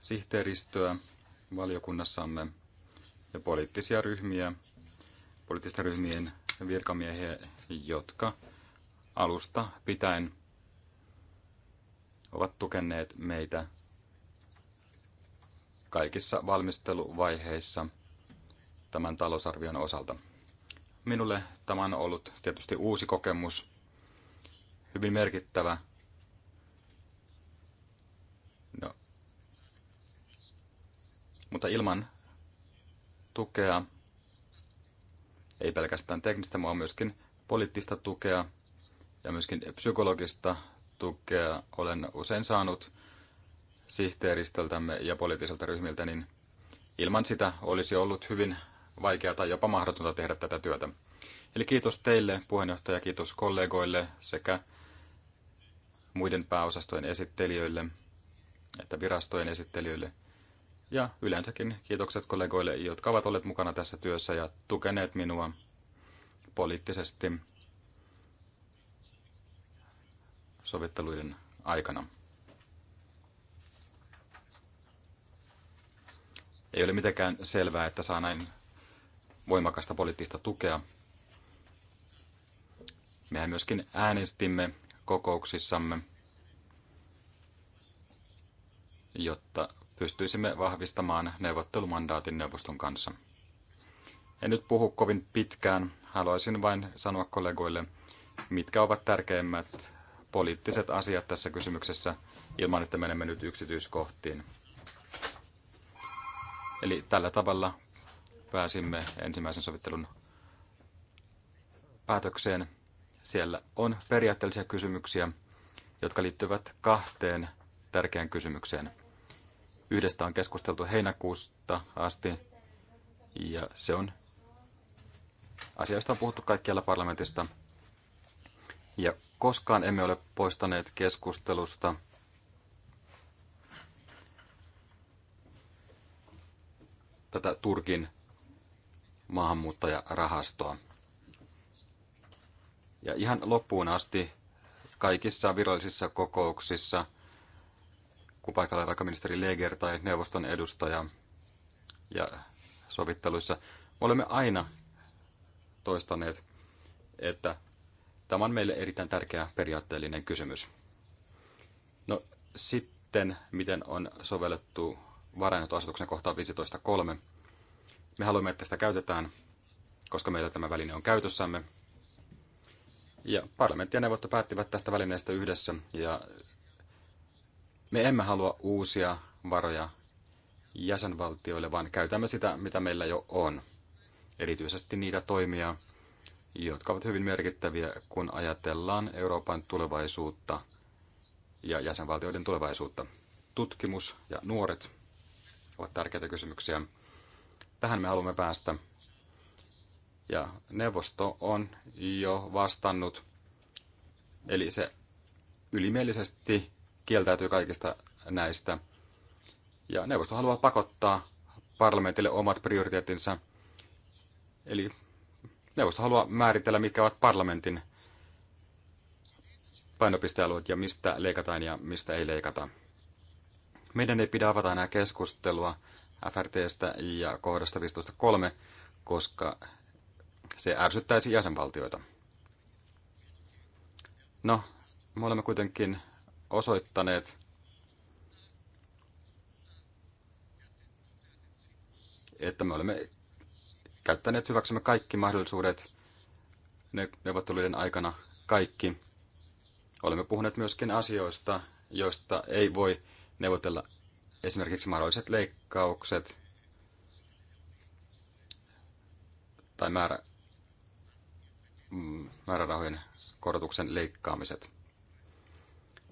sihteeristöä valiokunnassamme ja poliittisia ryhmiä, poliittisten ryhmien virkamiehiä, jotka alusta pitäen ovat tukeneet meitä kaikissa valmisteluvaiheissa – tämän talousarvion osalta. Minulle tämä on ollut tietysti uusi kokemus, hyvin merkittävä. No. Mutta ilman tukea, ei pelkästään teknistä, vaan myöskin poliittista tukea ja myöskin psykologista tukea olen usein saanut sihteeristöltämme ja poliittiselta ryhmiltä, niin ilman sitä olisi ollut hyvin vaikeaa tai jopa mahdotonta tehdä tätä työtä. Eli kiitos teille puheenjohtaja, kiitos kollegoille sekä muiden pääosastojen esittelijöille että virastojen esittelijöille ja yleensäkin kiitokset kollegoille, jotka ovat olleet mukana tässä työssä ja tukeneet minua poliittisesti sovitteluiden aikana. Ei ole mitenkään selvää, että saa näin voimakasta poliittista tukea. Mehän myöskin äänestimme kokouksissamme, jotta pystyisimme vahvistamaan neuvottelumandaatin neuvoston kanssa. En nyt puhu kovin pitkään, haluaisin vain sanoa kollegoille, mitkä ovat tärkeimmät poliittiset asiat tässä kysymyksessä, ilman että menemme nyt yksityiskohtiin. Eli tällä tavalla pääsimme ensimmäisen sovittelun päätökseen. Siellä on periaatteellisia kysymyksiä, jotka liittyvät kahteen tärkeään kysymykseen. Yhdestä on keskusteltu heinäkuusta asti, ja se on asiasta on puhuttu kaikkialla parlamentista. Ja koskaan emme ole poistaneet keskustelusta tätä Turkin maahanmuuttajarahastoa. Ja ihan loppuun asti kaikissa virallisissa kokouksissa, kun paikalla vaikka ministeri Leger tai neuvoston edustaja ja sovitteluissa, olemme aina toistaneet, että tämä on meille erittäin tärkeä periaatteellinen kysymys. No sitten, miten on sovellettu varainhoitoasetuksen kohtaan 15.3. Me haluamme, että sitä käytetään, koska meillä tämä väline on käytössämme. Ja parlamentti ja neuvotto päättivät tästä välineestä yhdessä, ja me emme halua uusia varoja jäsenvaltioille, vaan käytämme sitä, mitä meillä jo on. Erityisesti niitä toimia, jotka ovat hyvin merkittäviä, kun ajatellaan Euroopan tulevaisuutta ja jäsenvaltioiden tulevaisuutta. Tutkimus ja nuoret ovat tärkeitä kysymyksiä. Tähän me haluamme päästä. Ja neuvosto on jo vastannut, eli se ylimielisesti kieltäytyy kaikista näistä. Ja neuvosto haluaa pakottaa parlamentille omat prioriteettinsa. Eli neuvosto haluaa määritellä, mitkä ovat parlamentin painopistealueet ja mistä leikataan ja mistä ei leikata. Meidän ei pidä avata enää keskustelua FRTstä ja kohdasta 15.3, koska se ärsyttäisi jäsenvaltioita. No, me olemme kuitenkin osoittaneet, että me olemme käyttäneet hyväksemme kaikki mahdollisuudet neuvotteluiden aikana kaikki. Olemme puhuneet myöskin asioista, joista ei voi neuvotella esimerkiksi mahdolliset leikkaukset tai määrä, mm, määrärahojen korotuksen leikkaamiset.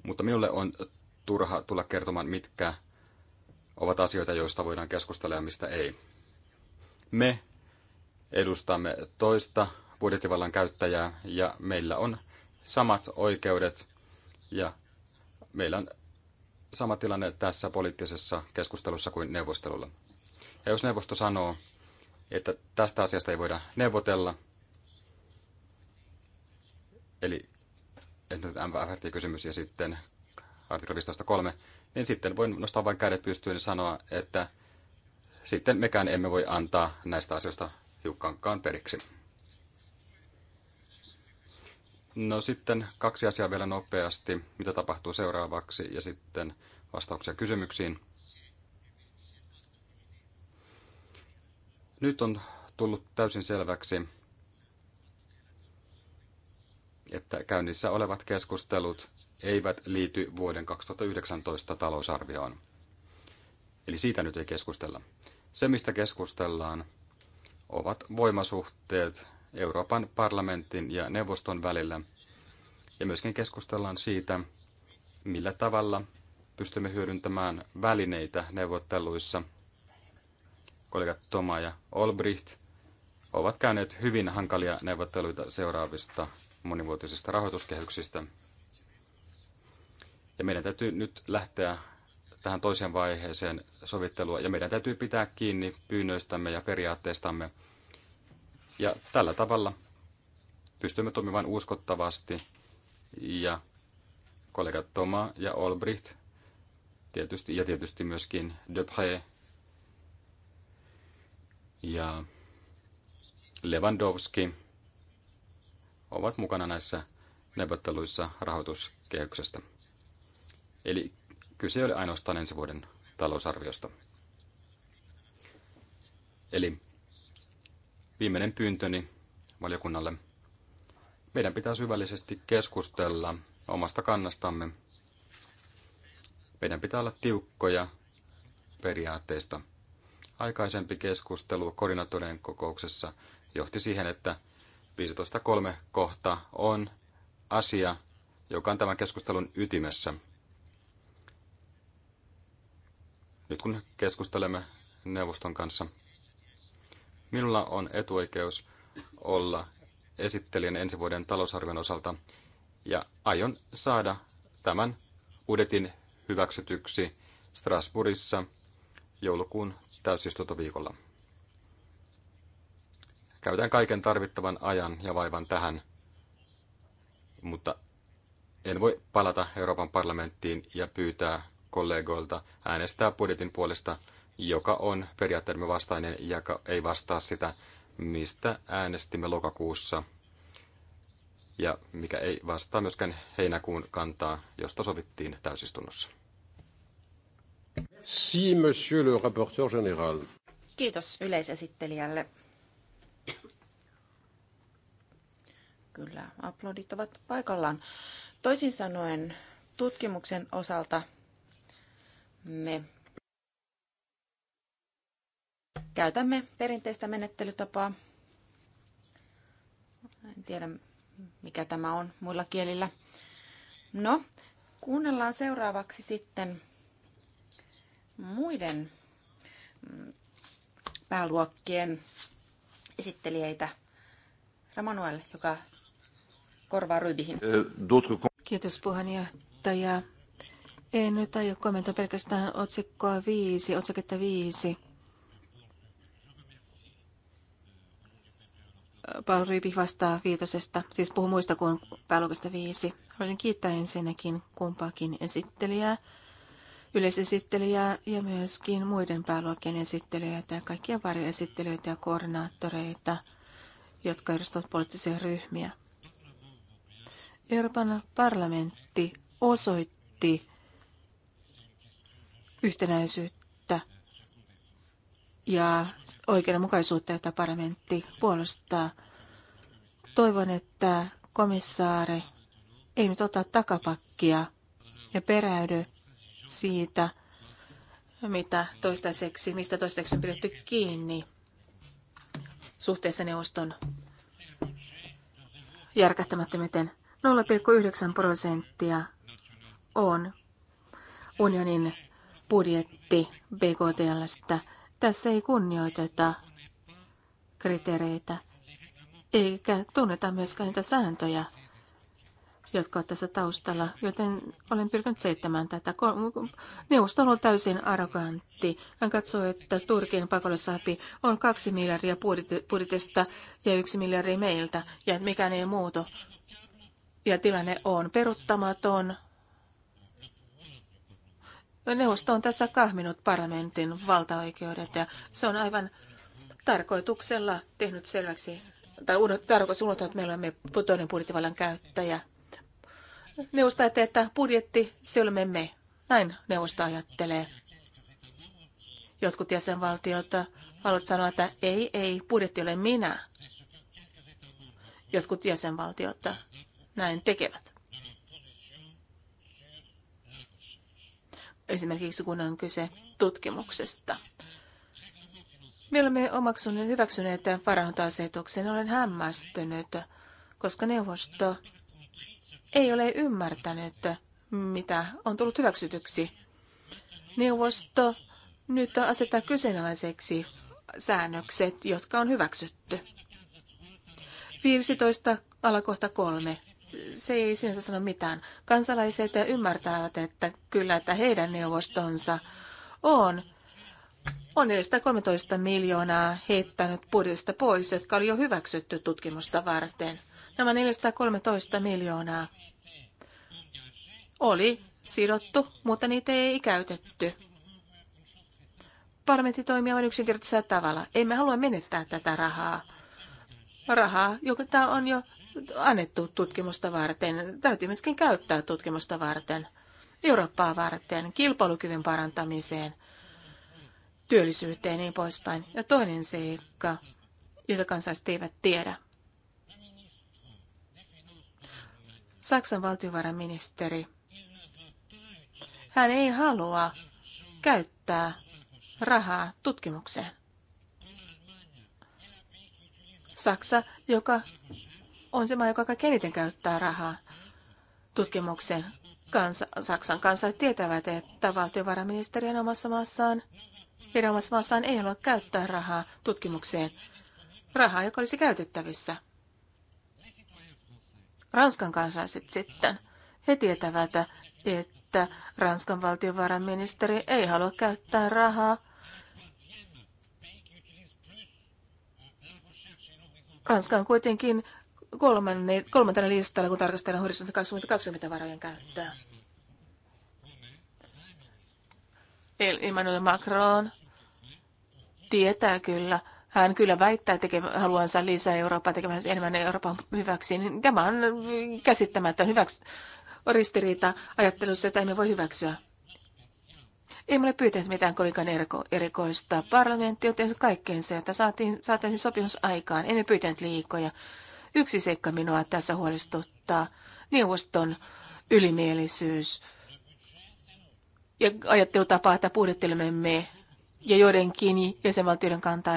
Mutta minulle on turha tulla kertomaan, mitkä ovat asioita, joista voidaan keskustella ja mistä ei. Me edustamme toista budjettivallan käyttäjää ja meillä on samat oikeudet ja meillä on sama tilanne tässä poliittisessa keskustelussa kuin neuvostelulla. Ja jos neuvosto sanoo, että tästä asiasta ei voida neuvotella, eli MFRT-kysymys ja sitten artikla 15.3, niin sitten voin nostaa vain kädet pystyyn ja sanoa, että sitten mekään emme voi antaa näistä asioista hiukkaankaan periksi. No sitten kaksi asiaa vielä nopeasti. Mitä tapahtuu seuraavaksi ja sitten vastauksia kysymyksiin. Nyt on tullut täysin selväksi, että käynnissä olevat keskustelut eivät liity vuoden 2019 talousarvioon. Eli siitä nyt ei keskustella. Se, mistä keskustellaan, ovat voimasuhteet Euroopan parlamentin ja neuvoston välillä. Ja myöskin keskustellaan siitä, millä tavalla pystymme hyödyntämään välineitä neuvotteluissa. Kollegat Toma ja Olbricht ovat käyneet hyvin hankalia neuvotteluita seuraavista monivuotisista rahoituskehyksistä. Ja meidän täytyy nyt lähteä tähän toiseen vaiheeseen sovittelua, ja meidän täytyy pitää kiinni pyynnöistämme ja periaatteistamme, ja tällä tavalla pystymme toimimaan uskottavasti ja kollegat Toma ja Olbricht tietysti, ja tietysti myöskin Debré ja Lewandowski ovat mukana näissä neuvotteluissa rahoituskehyksestä. Eli kyse ei ole ainoastaan ensi vuoden talousarviosta. Eli viimeinen pyyntöni valiokunnalle. Meidän pitää syvällisesti keskustella omasta kannastamme. Meidän pitää olla tiukkoja periaatteista. Aikaisempi keskustelu koordinaattorien kokouksessa johti siihen, että 15.3 kohta on asia, joka on tämän keskustelun ytimessä. Nyt kun keskustelemme neuvoston kanssa, Minulla on etuoikeus olla esittelijän ensi vuoden talousarvion osalta ja aion saada tämän budjetin hyväksytyksi Strasbourgissa joulukuun täysistuntoviikolla. Käytän kaiken tarvittavan ajan ja vaivan tähän, mutta en voi palata Euroopan parlamenttiin ja pyytää kollegoilta äänestää budjetin puolesta – joka on periaatteemme vastainen ja ei vastaa sitä, mistä äänestimme lokakuussa ja mikä ei vastaa myöskään heinäkuun kantaa, josta sovittiin täysistunnossa. Si, monsieur le rapporteur général. Kiitos yleisesittelijälle. Kyllä, aplodit ovat paikallaan. Toisin sanoen tutkimuksen osalta me käytämme perinteistä menettelytapaa. En tiedä, mikä tämä on muilla kielillä. No, kuunnellaan seuraavaksi sitten muiden mm, pääluokkien esittelijöitä. Ramanuel, joka korvaa Rybihin. Kiitos puheenjohtaja. En nyt aio kommentoida pelkästään otsikkoa viisi, otsiketta viisi. Paul Ryypi vastaa viitosesta, siis puhuu muista kuin pääluokasta viisi. Haluaisin kiittää ensinnäkin kumpaakin esittelijää, yleisesittelijää ja myöskin muiden pääluokkien esittelijöitä ja kaikkia varjoesittelijöitä ja koordinaattoreita, jotka edustavat poliittisia ryhmiä. Euroopan parlamentti osoitti yhtenäisyyttä ja oikeudenmukaisuutta, jota parlamentti puolustaa. Toivon, että komissaari ei nyt ota takapakkia ja peräydy siitä, mitä toistaiseksi, mistä toistaiseksi on pidetty kiinni suhteessa neuvoston järkähtämättömyyteen. 0,9 prosenttia on unionin budjetti BKTLstä tässä ei kunnioiteta kriteereitä, eikä tunneta myöskään niitä sääntöjä, jotka ovat tässä taustalla, joten olen pyrkinyt seittämään tätä. Neuvosto on täysin arrogantti. Hän katsoo, että Turkin pakolaisapi on kaksi miljardia budjetista ja yksi miljardi meiltä, ja että mikään ei muutu. Ja tilanne on peruttamaton, Neuvosto on tässä kahminut parlamentin valtaoikeudet ja se on aivan tarkoituksella tehnyt selväksi, tai tarkoitus unohtaa, että me olemme toinen budjettivallan käyttäjä. Neuvosto ajattelee, että budjetti, se olemme me. Näin neuvosto ajattelee. Jotkut jäsenvaltiot haluavat sanoa, että ei, ei, budjetti ole minä. Jotkut jäsenvaltiot näin tekevät. esimerkiksi kun on kyse tutkimuksesta. Me olemme omaksuneet, hyväksyneet varahuntoasetuksen. Olen hämmästynyt, koska neuvosto ei ole ymmärtänyt, mitä on tullut hyväksytyksi. Neuvosto nyt asettaa kyseenalaiseksi säännökset, jotka on hyväksytty. 15 alakohta 3 se ei sinänsä sano mitään. Kansalaiset ymmärtävät, että kyllä, että heidän neuvostonsa on on 13 miljoonaa heittänyt budjetista pois, jotka oli jo hyväksytty tutkimusta varten. Nämä 413 miljoonaa oli sidottu, mutta niitä ei käytetty. Parlamentti toimii vain yksinkertaisella tavalla. Emme halua menettää tätä rahaa rahaa, joka tämä on jo annettu tutkimusta varten. Täytyy myöskin käyttää tutkimusta varten, Eurooppaa varten, kilpailukyvyn parantamiseen, työllisyyteen ja niin poispäin. Ja toinen seikka, jota kansalaiset eivät tiedä. Saksan valtiovarainministeri, hän ei halua käyttää rahaa tutkimukseen. Saksa, joka on se maa, joka kaikkein eniten käyttää rahaa tutkimukseen. Kansa, Saksan kanssa, tietävät, että valtiovarainministeriön omassa maassaan, heidän omassa maassaan ei halua käyttää rahaa tutkimukseen. Rahaa, joka olisi käytettävissä. Ranskan kansalaiset sitten, he tietävät, että Ranskan valtiovarainministeri ei halua käyttää rahaa Ranska on kuitenkin kolmannen, kolmantena listalla, kun tarkastellaan horisontti 2020 varojen käyttöä. Emmanuel Macron tietää kyllä, hän kyllä väittää tekevä, haluansa lisää Eurooppaa tekemään enemmän Euroopan hyväksi. Tämä on käsittämätön hyväksi ristiriita ajattelussa, jota emme voi hyväksyä. Ei ole pyytänyt mitään kovinkaan erko, erikoista. Parlamentti on tehnyt kaikkeen se, että saatiin, saataisiin sopimus aikaan. Emme pyytänyt liikoja. Yksi seikka minua tässä huolestuttaa. Neuvoston ylimielisyys ja ajattelutapa, että budjettilemme me ja joidenkin jäsenvaltioiden kantaa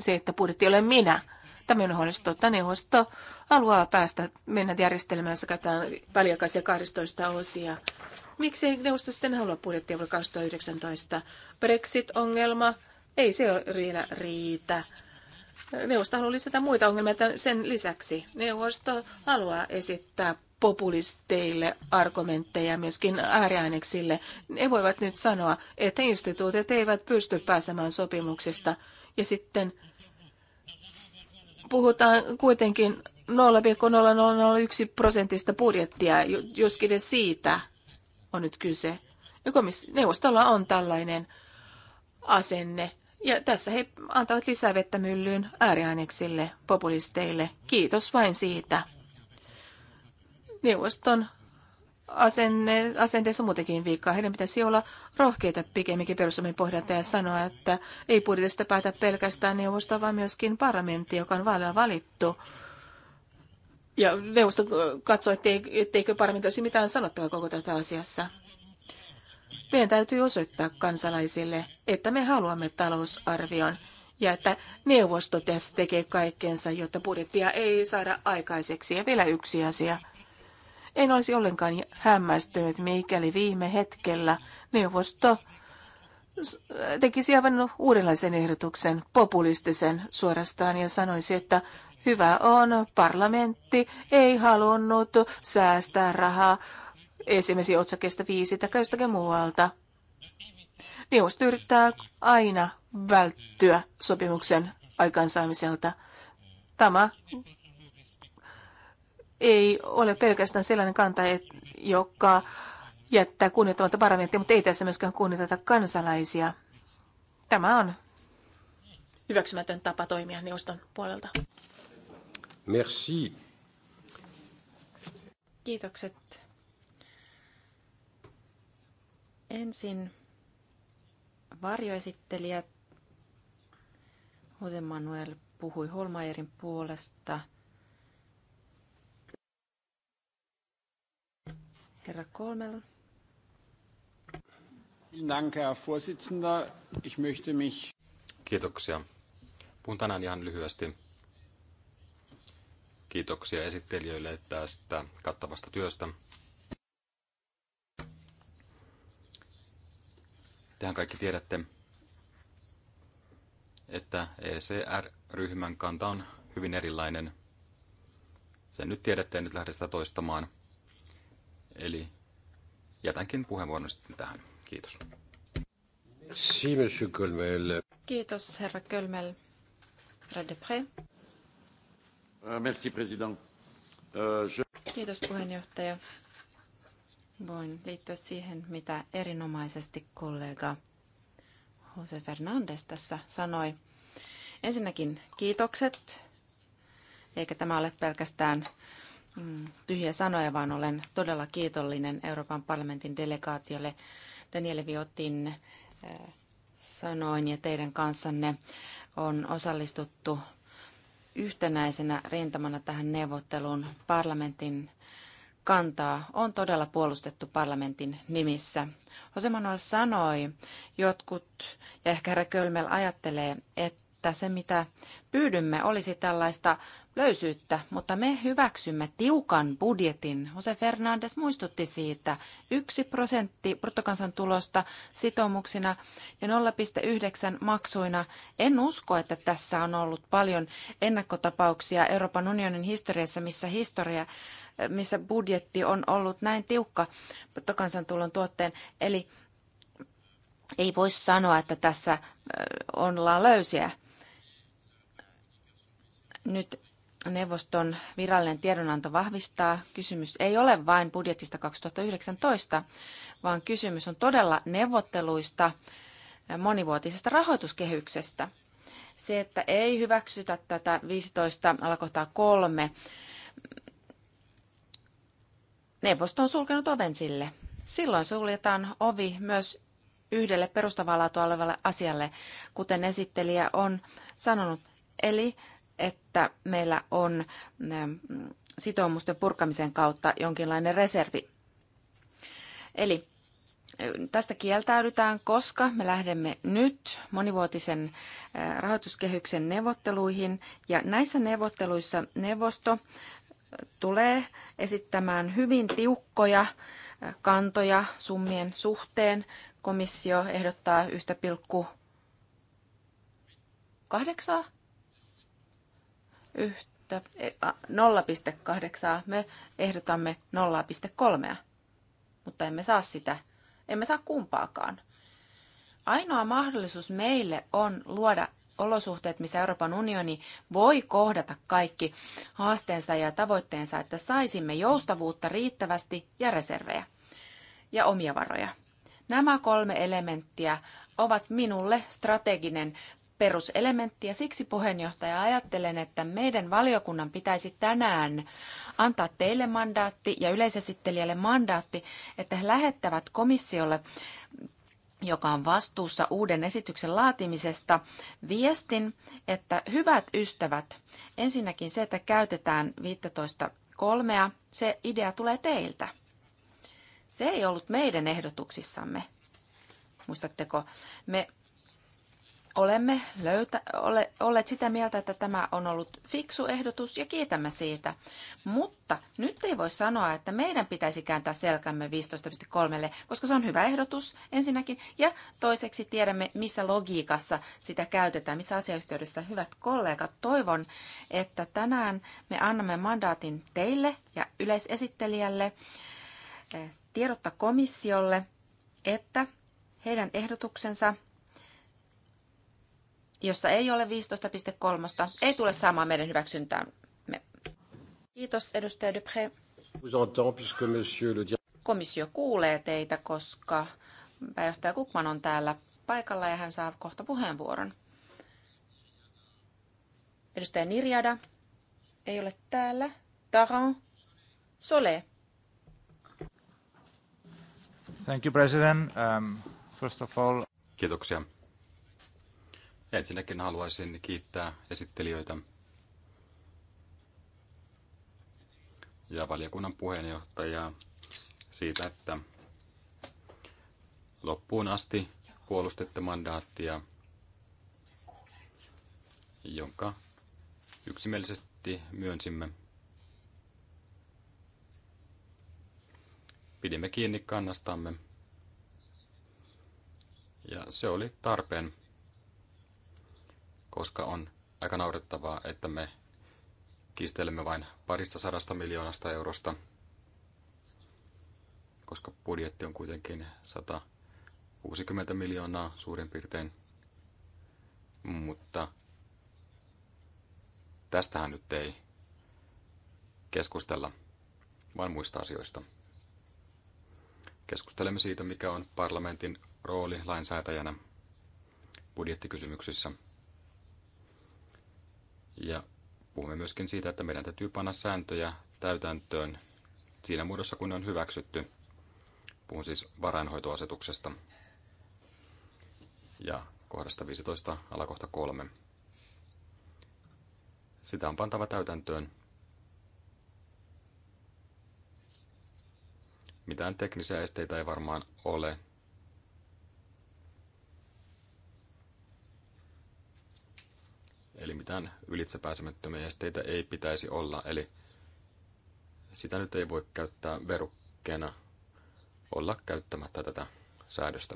se, että budjetti ole minä. Tämä on huolestuttaa. Neuvosto haluaa päästä mennä järjestelmään, jossa käytetään väliaikaisia 12 osia Miksi neuvosto sitten halua budjettia vuonna 2019? Brexit-ongelma, ei se vielä riitä. Neuvosto haluaa lisätä muita ongelmia sen lisäksi. Neuvosto haluaa esittää populisteille argumentteja, myöskin ääriaineksille. Ne voivat nyt sanoa, että instituutit eivät pysty pääsemään sopimuksesta. Ja sitten puhutaan kuitenkin 0,001 prosentista budjettia, joskin siitä on nyt kyse. Ja neuvostolla on tällainen asenne. Ja tässä he antavat lisää vettä myllyyn ääriaineksille, populisteille. Kiitos vain siitä. Neuvoston asenne, asenteessa muutenkin viikkaa. Heidän pitäisi olla rohkeita pikemminkin perussuomien pohdinta ja sanoa, että ei budjetista päätä pelkästään neuvostoa, vaan myöskin parlamentti, joka on vaaleilla valittu. Ja neuvosto katsoi, ettei, etteikö paremmin olisi mitään sanottavaa koko tätä asiassa. Meidän täytyy osoittaa kansalaisille, että me haluamme talousarvion ja että neuvosto tässä tekee kaikkensa, jotta budjettia ei saada aikaiseksi. Ja vielä yksi asia. En olisi ollenkaan hämmästynyt, mikäli viime hetkellä neuvosto tekisi aivan uudenlaisen ehdotuksen, populistisen suorastaan, ja sanoisi, että Hyvä on, parlamentti ei halunnut säästää rahaa esimerkiksi otsakesta viisi tai jostakin muualta. Neuvosto yrittää aina välttyä sopimuksen aikaansaamiselta. Tämä ei ole pelkästään sellainen kanta, joka jättää kunnioittamatta parlamenttia, mutta ei tässä myöskään kunnioiteta kansalaisia. Tämä on hyväksymätön tapa toimia neuvoston puolelta. Merci. Kiitokset. Ensin varjoesittelijä Jose Manuel puhui Holmaerin puolesta. Herra Kolmel. Kiitoksia. Puhun tänään ihan lyhyesti. Kiitoksia esittelijöille tästä kattavasta työstä. Tehän kaikki tiedätte, että ECR-ryhmän kanta on hyvin erilainen. Sen nyt tiedätte, en nyt lähde sitä toistamaan. Eli jätänkin puheenvuoron sitten tähän. Kiitos. Kiitos, herra Kölmel. Herra Euh, merci, president. Euh, Kiitos puheenjohtaja. Voin liittyä siihen, mitä erinomaisesti kollega Jose Fernandes tässä sanoi. Ensinnäkin kiitokset, eikä tämä ole pelkästään mm, tyhjä sanoja, vaan olen todella kiitollinen Euroopan parlamentin delegaatiolle Daniele Viotin äh, sanoin ja teidän kanssanne on osallistuttu yhtenäisenä rintamana tähän neuvotteluun. Parlamentin kantaa on todella puolustettu parlamentin nimissä. Jose Manuel sanoi, jotkut, ja ehkä herra Kölmel ajattelee, että se mitä pyydymme olisi tällaista löysyyttä, mutta me hyväksymme tiukan budjetin. Jose Fernandes muistutti siitä yksi prosentti bruttokansantulosta sitoumuksina ja 0,9 maksuina. En usko, että tässä on ollut paljon ennakkotapauksia Euroopan unionin historiassa, missä historia missä budjetti on ollut näin tiukka bruttokansantulon tuotteen. Eli ei voi sanoa, että tässä ollaan löysiä nyt neuvoston virallinen tiedonanto vahvistaa, kysymys ei ole vain budjetista 2019, vaan kysymys on todella neuvotteluista monivuotisesta rahoituskehyksestä. Se, että ei hyväksytä tätä 15 alakohtaa 3, neuvosto on sulkenut oven sille. Silloin suljetaan ovi myös yhdelle perustavaa laatua olevalle asialle, kuten esittelijä on sanonut. Eli että meillä on ähm, sitoumusten purkamisen kautta jonkinlainen reservi. Eli äh, tästä kieltäydytään, koska me lähdemme nyt monivuotisen äh, rahoituskehyksen neuvotteluihin. Ja näissä neuvotteluissa neuvosto äh, tulee esittämään hyvin tiukkoja kantoja summien suhteen. Komissio ehdottaa 1,8 yhtä, 0,8, e, me ehdotamme 0,3, mutta emme saa sitä, emme saa kumpaakaan. Ainoa mahdollisuus meille on luoda olosuhteet, missä Euroopan unioni voi kohdata kaikki haasteensa ja tavoitteensa, että saisimme joustavuutta riittävästi ja reservejä ja omia varoja. Nämä kolme elementtiä ovat minulle strateginen peruselementti ja siksi puheenjohtaja ajattelen, että meidän valiokunnan pitäisi tänään antaa teille mandaatti ja yleisesittelijälle mandaatti, että he lähettävät komissiolle joka on vastuussa uuden esityksen laatimisesta, viestin, että hyvät ystävät, ensinnäkin se, että käytetään 15.3. kolmea, se idea tulee teiltä. Se ei ollut meidän ehdotuksissamme. Muistatteko, me olemme löytä, ole, olleet sitä mieltä, että tämä on ollut fiksu ehdotus ja kiitämme siitä. Mutta nyt ei voi sanoa, että meidän pitäisi kääntää selkämme 15.3, koska se on hyvä ehdotus ensinnäkin. Ja toiseksi tiedämme, missä logiikassa sitä käytetään, missä asiayhteydessä. Hyvät kollegat, toivon, että tänään me annamme mandaatin teille ja yleisesittelijälle eh, tiedottaa komissiolle, että heidän ehdotuksensa – jossa ei ole 15.3, ei tule saamaan meidän hyväksyntäämme. Kiitos, edustaja Dupré. Komissio kuulee teitä, koska pääjohtaja Kukman on täällä paikalla ja hän saa kohta puheenvuoron. Edustaja Nirjada ei ole täällä. Taran Sole. Thank you, President. Um, first of all... Kiitoksia. Ensinnäkin haluaisin kiittää esittelijöitä ja valiokunnan puheenjohtajaa siitä, että loppuun asti puolustette mandaattia, jonka yksimielisesti myönsimme. Pidimme kiinni kannastamme ja se oli tarpeen koska on aika naurettavaa, että me kistelemme vain parista sadasta miljoonasta eurosta, koska budjetti on kuitenkin 160 miljoonaa suurin piirtein. Mutta tästähän nyt ei keskustella, vaan muista asioista. Keskustelemme siitä, mikä on parlamentin rooli lainsäätäjänä budjettikysymyksissä – ja puhumme myöskin siitä, että meidän täytyy panna sääntöjä täytäntöön siinä muodossa, kun ne on hyväksytty. Puhun siis varainhoitoasetuksesta ja kohdasta 15 alakohta 3. Sitä on pantava täytäntöön. Mitään teknisiä esteitä ei varmaan ole Eli mitään ylitsepääsemättömiä esteitä ei pitäisi olla, eli sitä nyt ei voi käyttää verukkeena olla käyttämättä tätä säädöstä.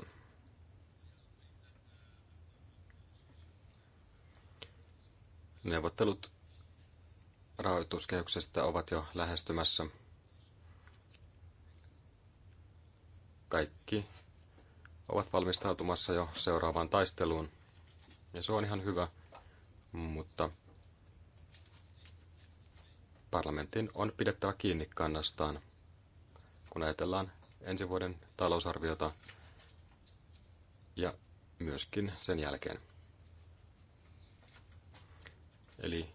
Neuvottelut rahoituskehyksestä ovat jo lähestymässä. Kaikki ovat valmistautumassa jo seuraavaan taisteluun, ja se on ihan hyvä, mutta parlamentin on pidettävä kiinni kannastaan. Kun ajatellaan ensi vuoden talousarviota ja myöskin sen jälkeen. Eli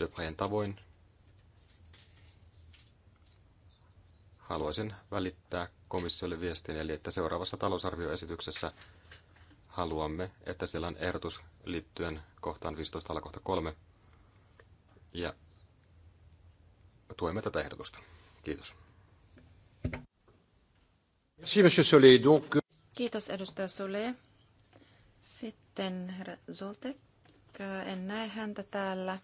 Döbrajen tavoin haluaisin välittää komissiolle viestin, eli että seuraavassa talousarvioesityksessä haluamme, että siellä on ehdotus liittyen kohtaan 15 alakohta 3. Ja tuemme tätä ehdotusta. Kiitos. Kiitos edustaja Sole. Sitten herra Zoltek, en näe häntä täällä.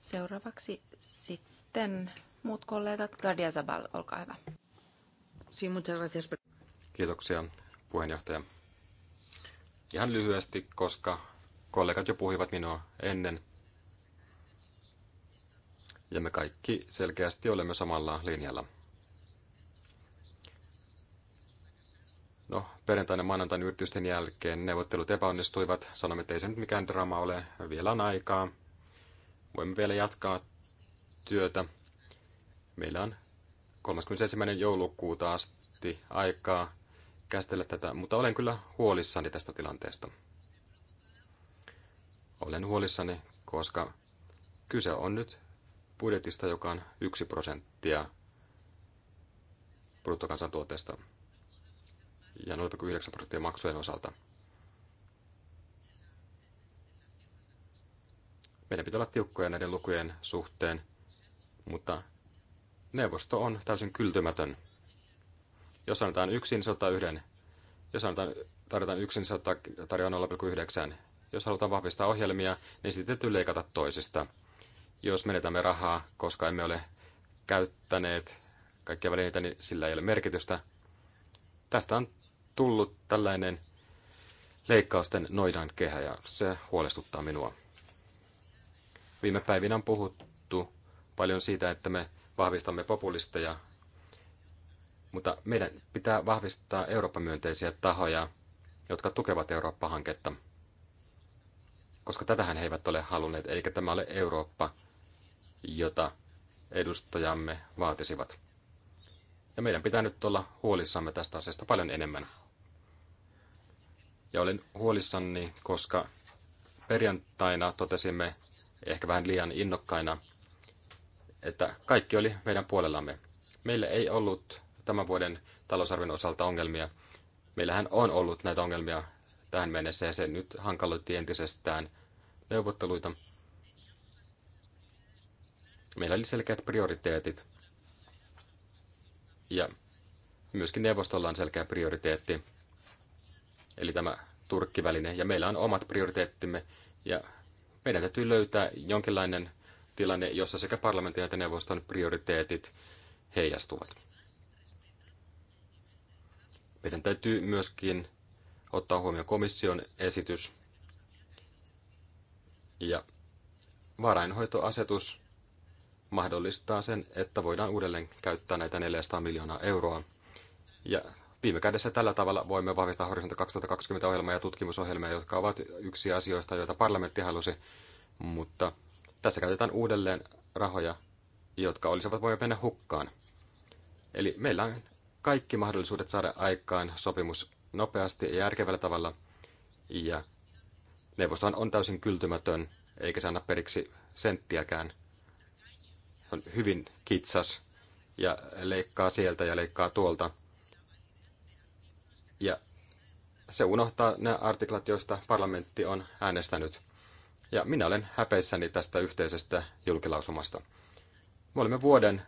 Seuraavaksi sitten muut kollegat. Gardia Zabal, olkaa hyvä. Kiitoksia puheenjohtaja. Ihan lyhyesti, koska kollegat jo puhuivat minua ennen. Ja me kaikki selkeästi olemme samalla linjalla. No, perjantaina maanantain yritysten jälkeen neuvottelut epäonnistuivat. Sanomme, että ei se nyt mikään drama ole. Vielä on aikaa. Voimme vielä jatkaa työtä. Meillä on 31. joulukuuta asti aikaa käsitellä tätä, mutta olen kyllä huolissani tästä tilanteesta. Olen huolissani, koska kyse on nyt budjetista, joka on yksi prosenttia bruttokansantuotteesta ja 0,9 prosenttia maksujen osalta. Meidän pitää olla tiukkoja näiden lukujen suhteen, mutta neuvosto on täysin kyltymätön – jos annetaan yksin, niin se ottaa yhden. Jos annetaan, tarjotaan yksin, niin se ottaa, tarjoaa 0,9. Jos halutaan vahvistaa ohjelmia, niin sitten täytyy leikata toisista. Jos menetämme rahaa, koska emme ole käyttäneet kaikkia välineitä, niin sillä ei ole merkitystä. Tästä on tullut tällainen leikkausten noidan kehä ja se huolestuttaa minua. Viime päivinä on puhuttu paljon siitä, että me vahvistamme populisteja mutta meidän pitää vahvistaa Eurooppa-myönteisiä tahoja, jotka tukevat Eurooppa-hanketta. Koska tätähän he eivät ole halunneet, eikä tämä ole Eurooppa, jota edustajamme vaatisivat. Ja meidän pitää nyt olla huolissamme tästä asiasta paljon enemmän. Ja olen huolissani, koska perjantaina totesimme ehkä vähän liian innokkaina, että kaikki oli meidän puolellamme. Meillä ei ollut tämän vuoden talousarvion osalta ongelmia. Meillähän on ollut näitä ongelmia tähän mennessä ja se nyt hankaloitti entisestään neuvotteluita. Meillä oli selkeät prioriteetit ja myöskin neuvostolla on selkeä prioriteetti, eli tämä turkkiväline, ja meillä on omat prioriteettimme, ja meidän täytyy löytää jonkinlainen tilanne, jossa sekä parlamentin että neuvoston prioriteetit heijastuvat meidän täytyy myöskin ottaa huomioon komission esitys. Ja varainhoitoasetus mahdollistaa sen, että voidaan uudelleen käyttää näitä 400 miljoonaa euroa. Ja viime kädessä tällä tavalla voimme vahvistaa Horisontti 2020 ohjelmaa ja tutkimusohjelmia, jotka ovat yksi asioista, joita parlamentti halusi. Mutta tässä käytetään uudelleen rahoja, jotka olisivat voineet mennä hukkaan. Eli meillä on kaikki mahdollisuudet saada aikaan sopimus nopeasti ja järkevällä tavalla. Ja neuvostohan on täysin kyltymätön, eikä se anna periksi senttiäkään. Se on hyvin kitsas ja leikkaa sieltä ja leikkaa tuolta. Ja se unohtaa nämä artiklat, joista parlamentti on äänestänyt. Ja minä olen häpeissäni tästä yhteisestä julkilausumasta. Me olemme vuoden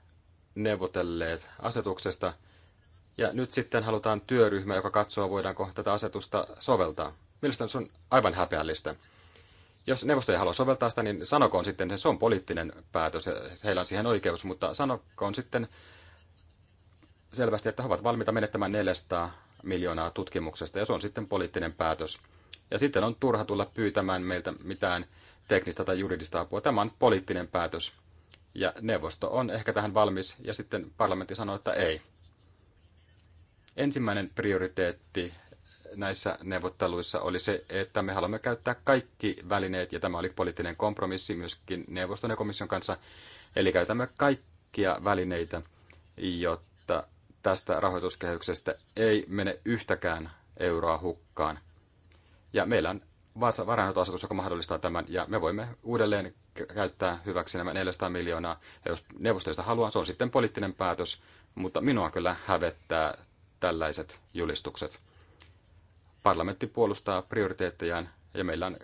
neuvotelleet asetuksesta, ja nyt sitten halutaan työryhmä, joka katsoo, voidaanko tätä asetusta soveltaa. Mielestäni se on aivan häpeällistä. Jos neuvosto ei halua soveltaa sitä, niin sanokoon sitten, se on poliittinen päätös, heillä on siihen oikeus, mutta sanokoon sitten selvästi, että he ovat valmiita menettämään 400 miljoonaa tutkimuksesta, ja se on sitten poliittinen päätös. Ja sitten on turha tulla pyytämään meiltä mitään teknistä tai juridista apua. Tämä on poliittinen päätös. Ja neuvosto on ehkä tähän valmis, ja sitten parlamentti sanoo, että ei. Ensimmäinen prioriteetti näissä neuvotteluissa oli se, että me haluamme käyttää kaikki välineet, ja tämä oli poliittinen kompromissi myöskin neuvoston ja komission kanssa, eli käytämme kaikkia välineitä, jotta tästä rahoituskehyksestä ei mene yhtäkään euroa hukkaan. Ja meillä on varainhoitoasetus, joka mahdollistaa tämän, ja me voimme uudelleen käyttää hyväksi nämä 400 miljoonaa, ja jos neuvostoista haluaa, se on sitten poliittinen päätös, mutta minua kyllä hävettää tällaiset julistukset. Parlamentti puolustaa prioriteettejaan ja meillä on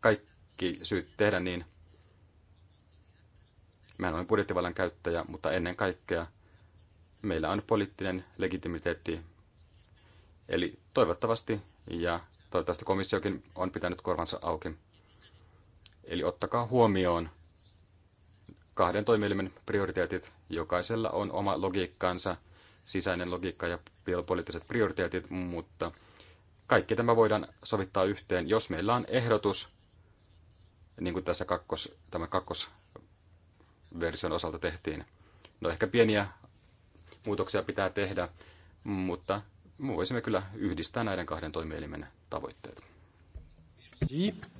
kaikki syyt tehdä niin. Mehän olemme budjettivallan käyttäjä, mutta ennen kaikkea meillä on poliittinen legitimiteetti. Eli toivottavasti ja toivottavasti komissiokin on pitänyt korvansa auki. Eli ottakaa huomioon kahden toimielimen prioriteetit. Jokaisella on oma logiikkaansa – sisäinen logiikka ja poliittiset prioriteetit, mutta kaikki tämä voidaan sovittaa yhteen, jos meillä on ehdotus, niin kuin tässä kakkos, tämä kakkosversion osalta tehtiin. No ehkä pieniä muutoksia pitää tehdä, mutta voisimme kyllä yhdistää näiden kahden toimielimen tavoitteet.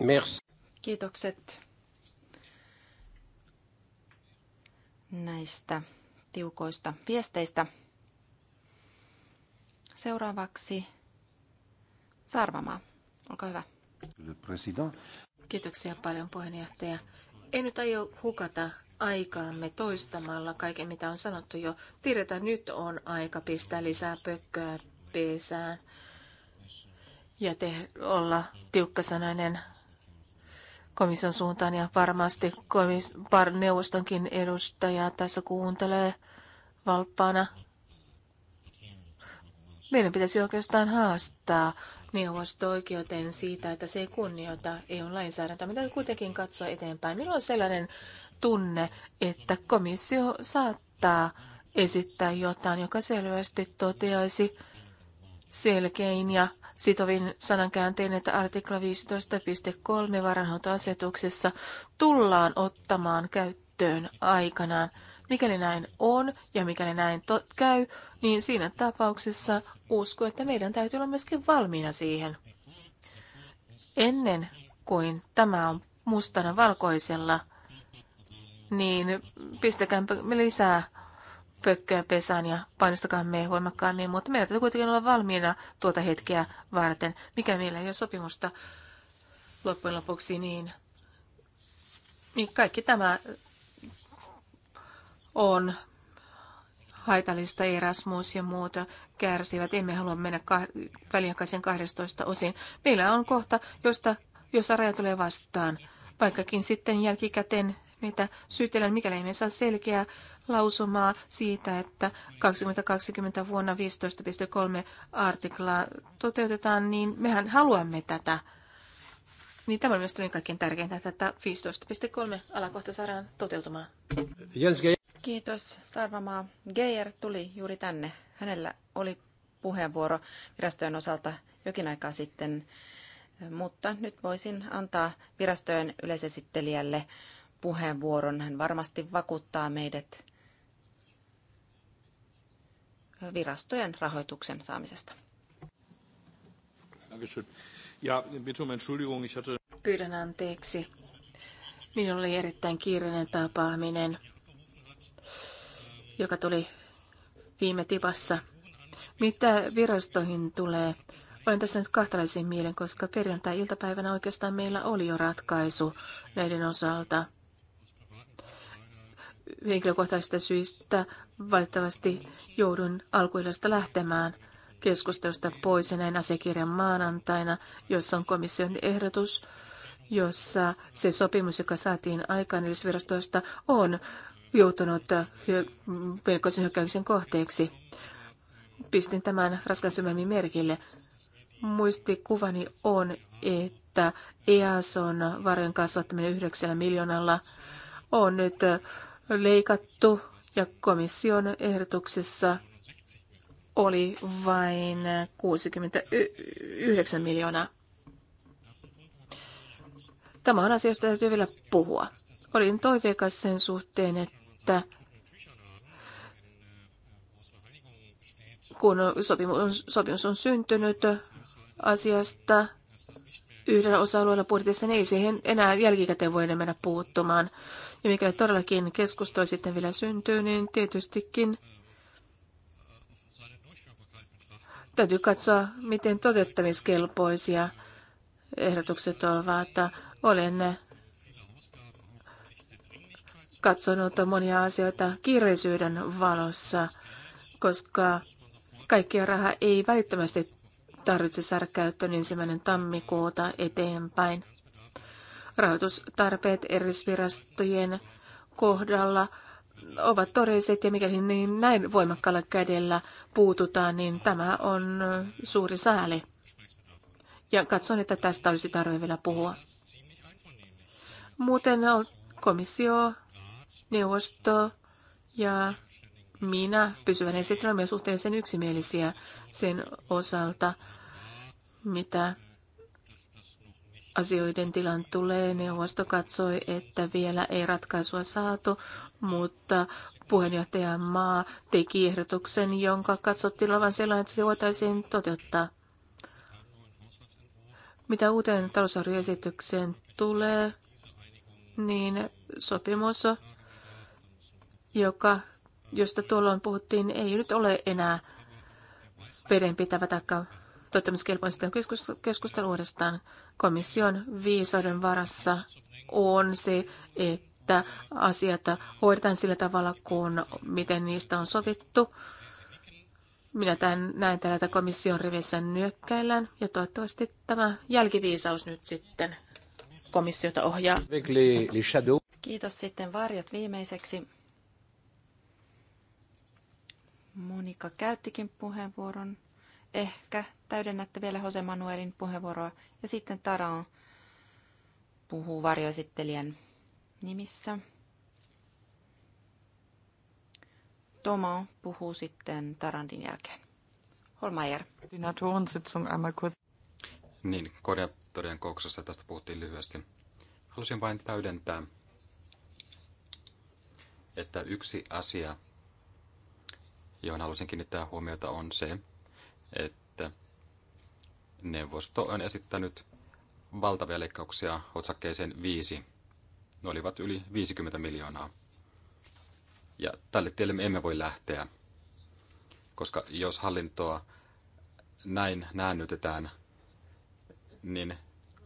Merci. Kiitokset näistä tiukoista viesteistä. Seuraavaksi Sarvamaa. Olkaa hyvä. Kiitoksia paljon puheenjohtaja. En nyt aio hukata aikaamme toistamalla kaiken, mitä on sanottu jo. että nyt on aika pistää lisää pökköä pesään ja te, olla tiukkasanainen komission suuntaan ja varmasti komis, par, neuvostonkin edustaja tässä kuuntelee valppaana meidän pitäisi oikeastaan haastaa neuvosto oikeuteen siitä, että se ei kunnioita EU-lainsäädäntöä. Mitä kuitenkin katsoa eteenpäin. Minulla on sellainen tunne, että komissio saattaa esittää jotain, joka selvästi toteaisi selkein ja sitovin sanankääntein, että artikla 15.3 varanhoitoasetuksessa tullaan ottamaan käyttöön aikanaan. Mikäli näin on ja mikäli näin to- käy, niin siinä tapauksessa usko, että meidän täytyy olla myöskin valmiina siihen. Ennen kuin tämä on mustana valkoisella, niin pistäkää lisää pökköä pesään ja painostakaa me voimakkaammin, mutta meidän täytyy kuitenkin olla valmiina tuota hetkeä varten, mikä meillä ei ole sopimusta loppujen lopuksi, niin, niin kaikki tämä on haitallista Erasmus ja muuta kärsivät. Emme halua mennä kah- väliaikaisen 12 osin. Meillä on kohta, josta, jossa raja tulee vastaan, vaikkakin sitten jälkikäteen meitä syytellään, mikäli emme saa selkeää lausumaa siitä, että 2020 vuonna 15.3 artiklaa toteutetaan, niin mehän haluamme tätä. Niin tämä on myös kaikkein tärkeintä, että 15.3 alakohta saadaan toteutumaan. Jenske. Kiitos. Sarvamaa Geijer tuli juuri tänne. Hänellä oli puheenvuoro virastojen osalta jokin aikaa sitten, mutta nyt voisin antaa virastojen yleisesittelijälle puheenvuoron. Hän varmasti vakuuttaa meidät virastojen rahoituksen saamisesta. Um Pyydän anteeksi. Minulla oli erittäin kiireinen tapaaminen joka tuli viime tipassa. Mitä virastoihin tulee? Olen tässä nyt kahtalaisin mielen, koska perjantai-iltapäivänä oikeastaan meillä oli jo ratkaisu näiden osalta. Henkilökohtaisista syistä valitettavasti joudun alkuillasta lähtemään keskustelusta pois ja näin asiakirjan maanantaina, jossa on komission ehdotus, jossa se sopimus, joka saatiin aikaan virastoista on joutunut pelkoisen hyökkäyksen kohteeksi. Pistin tämän raskan syvemmin merkille. Muistikuvani on, että EASON varjon kasvattaminen 9 miljoonalla on nyt leikattu ja komission ehdotuksessa oli vain 69 miljoonaa. Tämä on asia, josta täytyy vielä puhua. Olin toiveikas sen suhteen, että että kun sopimus on syntynyt asiasta yhdellä osa-alueella budjetissa, niin ei siihen enää jälkikäteen voi mennä puuttumaan. Ja mikäli todellakin keskustelua sitten vielä syntyy, niin tietystikin täytyy katsoa, miten toteuttamiskelpoisia ehdotukset ovat. Olen katsonut monia asioita kiireisyyden valossa, koska kaikkia rahaa ei välittömästi tarvitse saada käyttöön ensimmäinen tammikuuta eteenpäin. Rahoitustarpeet erisvirastojen kohdalla ovat todelliset ja mikäli niin näin voimakkaalla kädellä puututaan, niin tämä on suuri sääli. Ja katson, että tästä olisi tarve vielä puhua. Muuten komissio Neuvosto ja minä pysyvän esitelmämme suhteellisen yksimielisiä sen osalta, mitä asioiden tilan tulee. Neuvosto katsoi, että vielä ei ratkaisua saatu, mutta puheenjohtaja maa teki ehdotuksen, jonka katsottiin olevan sellainen, että se voitaisiin toteuttaa. Mitä uuteen talousarvioesitykseen tulee, niin sopimus joka, josta tuolloin puhuttiin, ei nyt ole enää vedenpitävä taikka sitten keskustelu uudestaan. Komission viisauden varassa on se, että asiat hoidetaan sillä tavalla, kun miten niistä on sovittu. Minä tämän, näen että komission rivissä nyökkäillään ja toivottavasti tämä jälkiviisaus nyt sitten komissiota ohjaa. Kiitos sitten varjot viimeiseksi. Monika käyttikin puheenvuoron. Ehkä täydennätte vielä Jose Manuelin puheenvuoroa ja sitten on puhuu varjoesittelijän nimissä. Tomo puhuu sitten Tarandin jälkeen. Holmeier. Niin, koordinaattorien kouksessa tästä puhuttiin lyhyesti. Halusin vain täydentää, että yksi asia, johon halusin kiinnittää huomiota, on se, että neuvosto on esittänyt valtavia leikkauksia otsakkeeseen 5. Ne olivat yli 50 miljoonaa. Ja tälle tielle me emme voi lähteä, koska jos hallintoa näin näännytetään, niin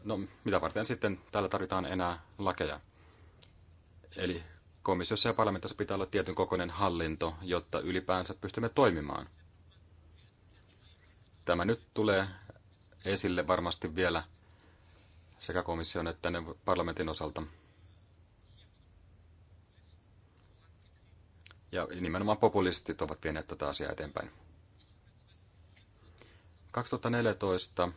no, mitä varten sitten täällä tarvitaan enää lakeja? Eli komissiossa ja parlamentissa pitää olla tietyn kokoinen hallinto, jotta ylipäänsä pystymme toimimaan. Tämä nyt tulee esille varmasti vielä sekä komission että parlamentin osalta. Ja nimenomaan populistit ovat vieneet tätä asiaa eteenpäin. 2014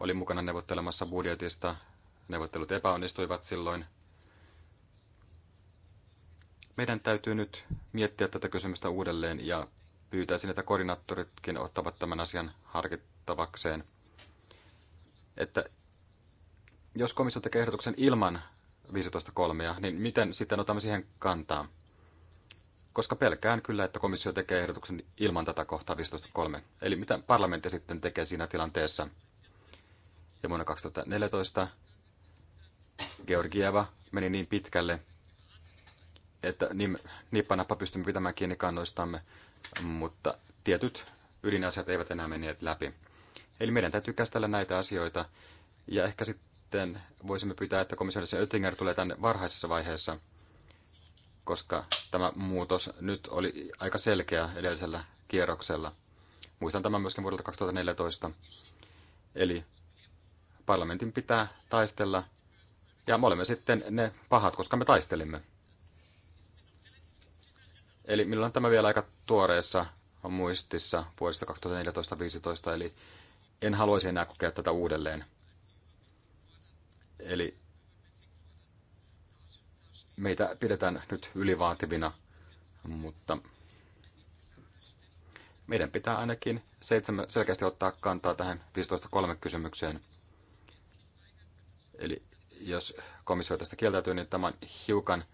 oli mukana neuvottelemassa budjetista. Neuvottelut epäonnistuivat silloin – meidän täytyy nyt miettiä tätä kysymystä uudelleen ja pyytäisin, että koordinaattoritkin ottavat tämän asian harkittavakseen. Että jos komissio tekee ehdotuksen ilman 15.3, niin miten sitten otamme siihen kantaa? Koska pelkään kyllä, että komissio tekee ehdotuksen ilman tätä kohtaa 15.3. Eli mitä parlamentti sitten tekee siinä tilanteessa? Ja vuonna 2014 Georgieva meni niin pitkälle, että nippanappa pystymme pitämään kiinni kannoistamme, mutta tietyt ydinasiat eivät enää menneet läpi. Eli meidän täytyy käsitellä näitä asioita, ja ehkä sitten voisimme pyytää, että komissaarissa Oettinger tulee tänne varhaisessa vaiheessa, koska tämä muutos nyt oli aika selkeä edellisellä kierroksella. Muistan tämän myöskin vuodelta 2014. Eli parlamentin pitää taistella, ja me olemme sitten ne pahat, koska me taistelimme. Eli minulla on tämä vielä aika tuoreessa muistissa vuodesta 2014-2015, eli en haluaisi enää kokea tätä uudelleen. Eli meitä pidetään nyt ylivaativina, mutta meidän pitää ainakin seitsemän, selkeästi ottaa kantaa tähän 15.3 kysymykseen. Eli jos komissio tästä kieltäytyy, niin tämä on hiukan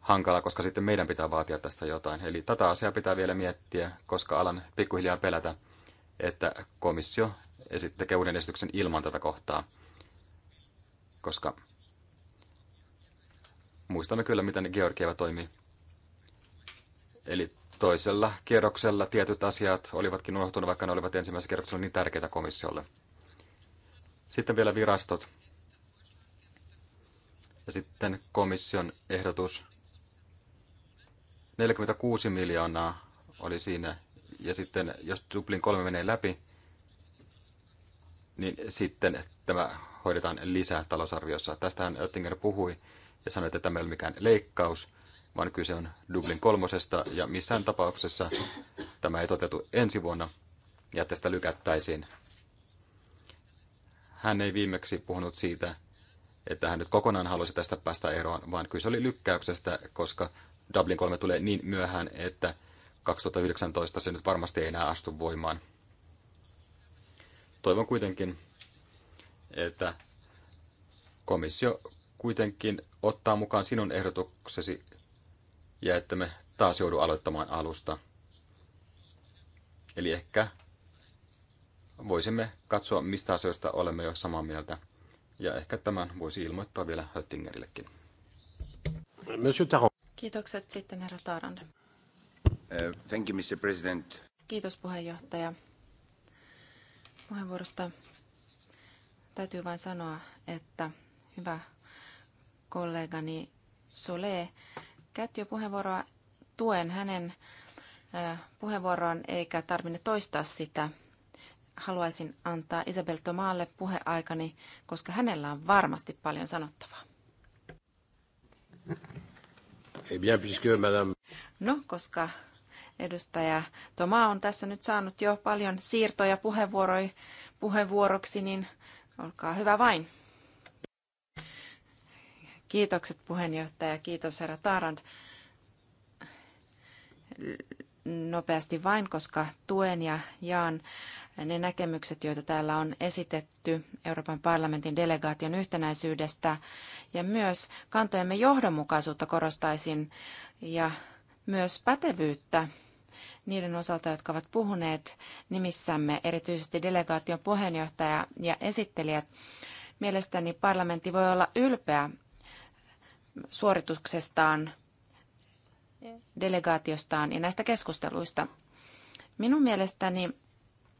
hankala, koska sitten meidän pitää vaatia tästä jotain. Eli tätä asiaa pitää vielä miettiä, koska alan pikkuhiljaa pelätä, että komissio tekee uuden esityksen ilman tätä kohtaa. Koska muistamme kyllä, miten Georgieva toimii. Eli toisella kierroksella tietyt asiat olivatkin unohtuneet, vaikka ne olivat ensimmäisellä kierroksella niin tärkeitä komissiolle. Sitten vielä virastot. Ja sitten komission ehdotus 46 miljoonaa oli siinä. Ja sitten jos Dublin 3 menee läpi, niin sitten tämä hoidetaan lisää talousarviossa. Tästähän Oettinger puhui ja sanoi, että tämä ei ole mikään leikkaus, vaan kyse on Dublin kolmosesta ja missään tapauksessa tämä ei toteutu ensi vuonna ja tästä lykättäisiin. Hän ei viimeksi puhunut siitä, että hän nyt kokonaan halusi tästä päästä eroon, vaan kyse oli lykkäyksestä, koska Dublin 3 tulee niin myöhään, että 2019 se nyt varmasti ei enää astu voimaan. Toivon kuitenkin, että komissio kuitenkin ottaa mukaan sinun ehdotuksesi ja että me taas joudu aloittamaan alusta. Eli ehkä voisimme katsoa, mistä asioista olemme jo samaa mieltä. Ja ehkä tämän voisi ilmoittaa vielä Höttingerillekin. Monsieur Taron. Kiitokset sitten herra Taarande. Uh, thank you, Mr. President. Kiitos puheenjohtaja puheenvuorosta. Täytyy vain sanoa, että hyvä kollegani Sole käytti jo puheenvuoroa. Tuen hänen uh, puheenvuoroon eikä tarvinne toistaa sitä. Haluaisin antaa Isabel Tomaalle puheaikani, koska hänellä on varmasti paljon sanottavaa. Eh bien, puisque madame... No, koska edustaja Toma on tässä nyt saanut jo paljon siirtoja puheenvuoroksi, niin olkaa hyvä vain. Kiitokset puheenjohtaja, kiitos herra Taarand. Nopeasti vain, koska tuen ja jaan ne näkemykset, joita täällä on esitetty Euroopan parlamentin delegaation yhtenäisyydestä ja myös kantojemme johdonmukaisuutta korostaisin ja myös pätevyyttä niiden osalta, jotka ovat puhuneet nimissämme, erityisesti delegaation puheenjohtaja ja esittelijät. Mielestäni parlamentti voi olla ylpeä suorituksestaan, delegaatiostaan ja näistä keskusteluista. Minun mielestäni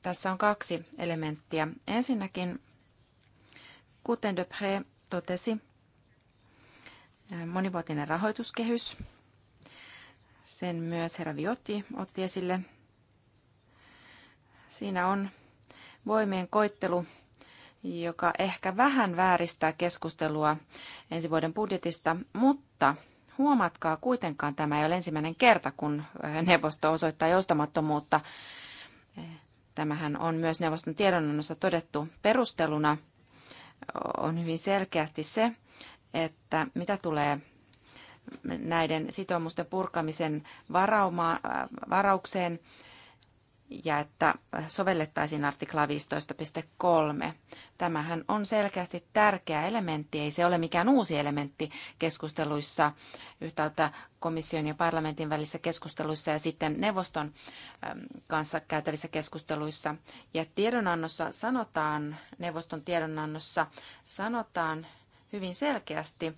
tässä on kaksi elementtiä. Ensinnäkin, kuten Depré totesi, monivuotinen rahoituskehys. Sen myös herra Viotti otti esille. Siinä on voimien koittelu, joka ehkä vähän vääristää keskustelua ensi vuoden budjetista, mutta huomatkaa kuitenkaan tämä ei ole ensimmäinen kerta, kun neuvosto osoittaa joustamattomuutta Tämähän on myös neuvoston tiedonannossa todettu perusteluna. On hyvin selkeästi se, että mitä tulee näiden sitoumusten purkamisen varauma, äh, varaukseen, ja että sovellettaisiin artiklaa 15.3. Tämähän on selkeästi tärkeä elementti, ei se ole mikään uusi elementti keskusteluissa yhtäältä komission ja parlamentin välissä keskusteluissa ja sitten neuvoston kanssa käytävissä keskusteluissa. Ja tiedonannossa sanotaan, neuvoston tiedonannossa sanotaan hyvin selkeästi,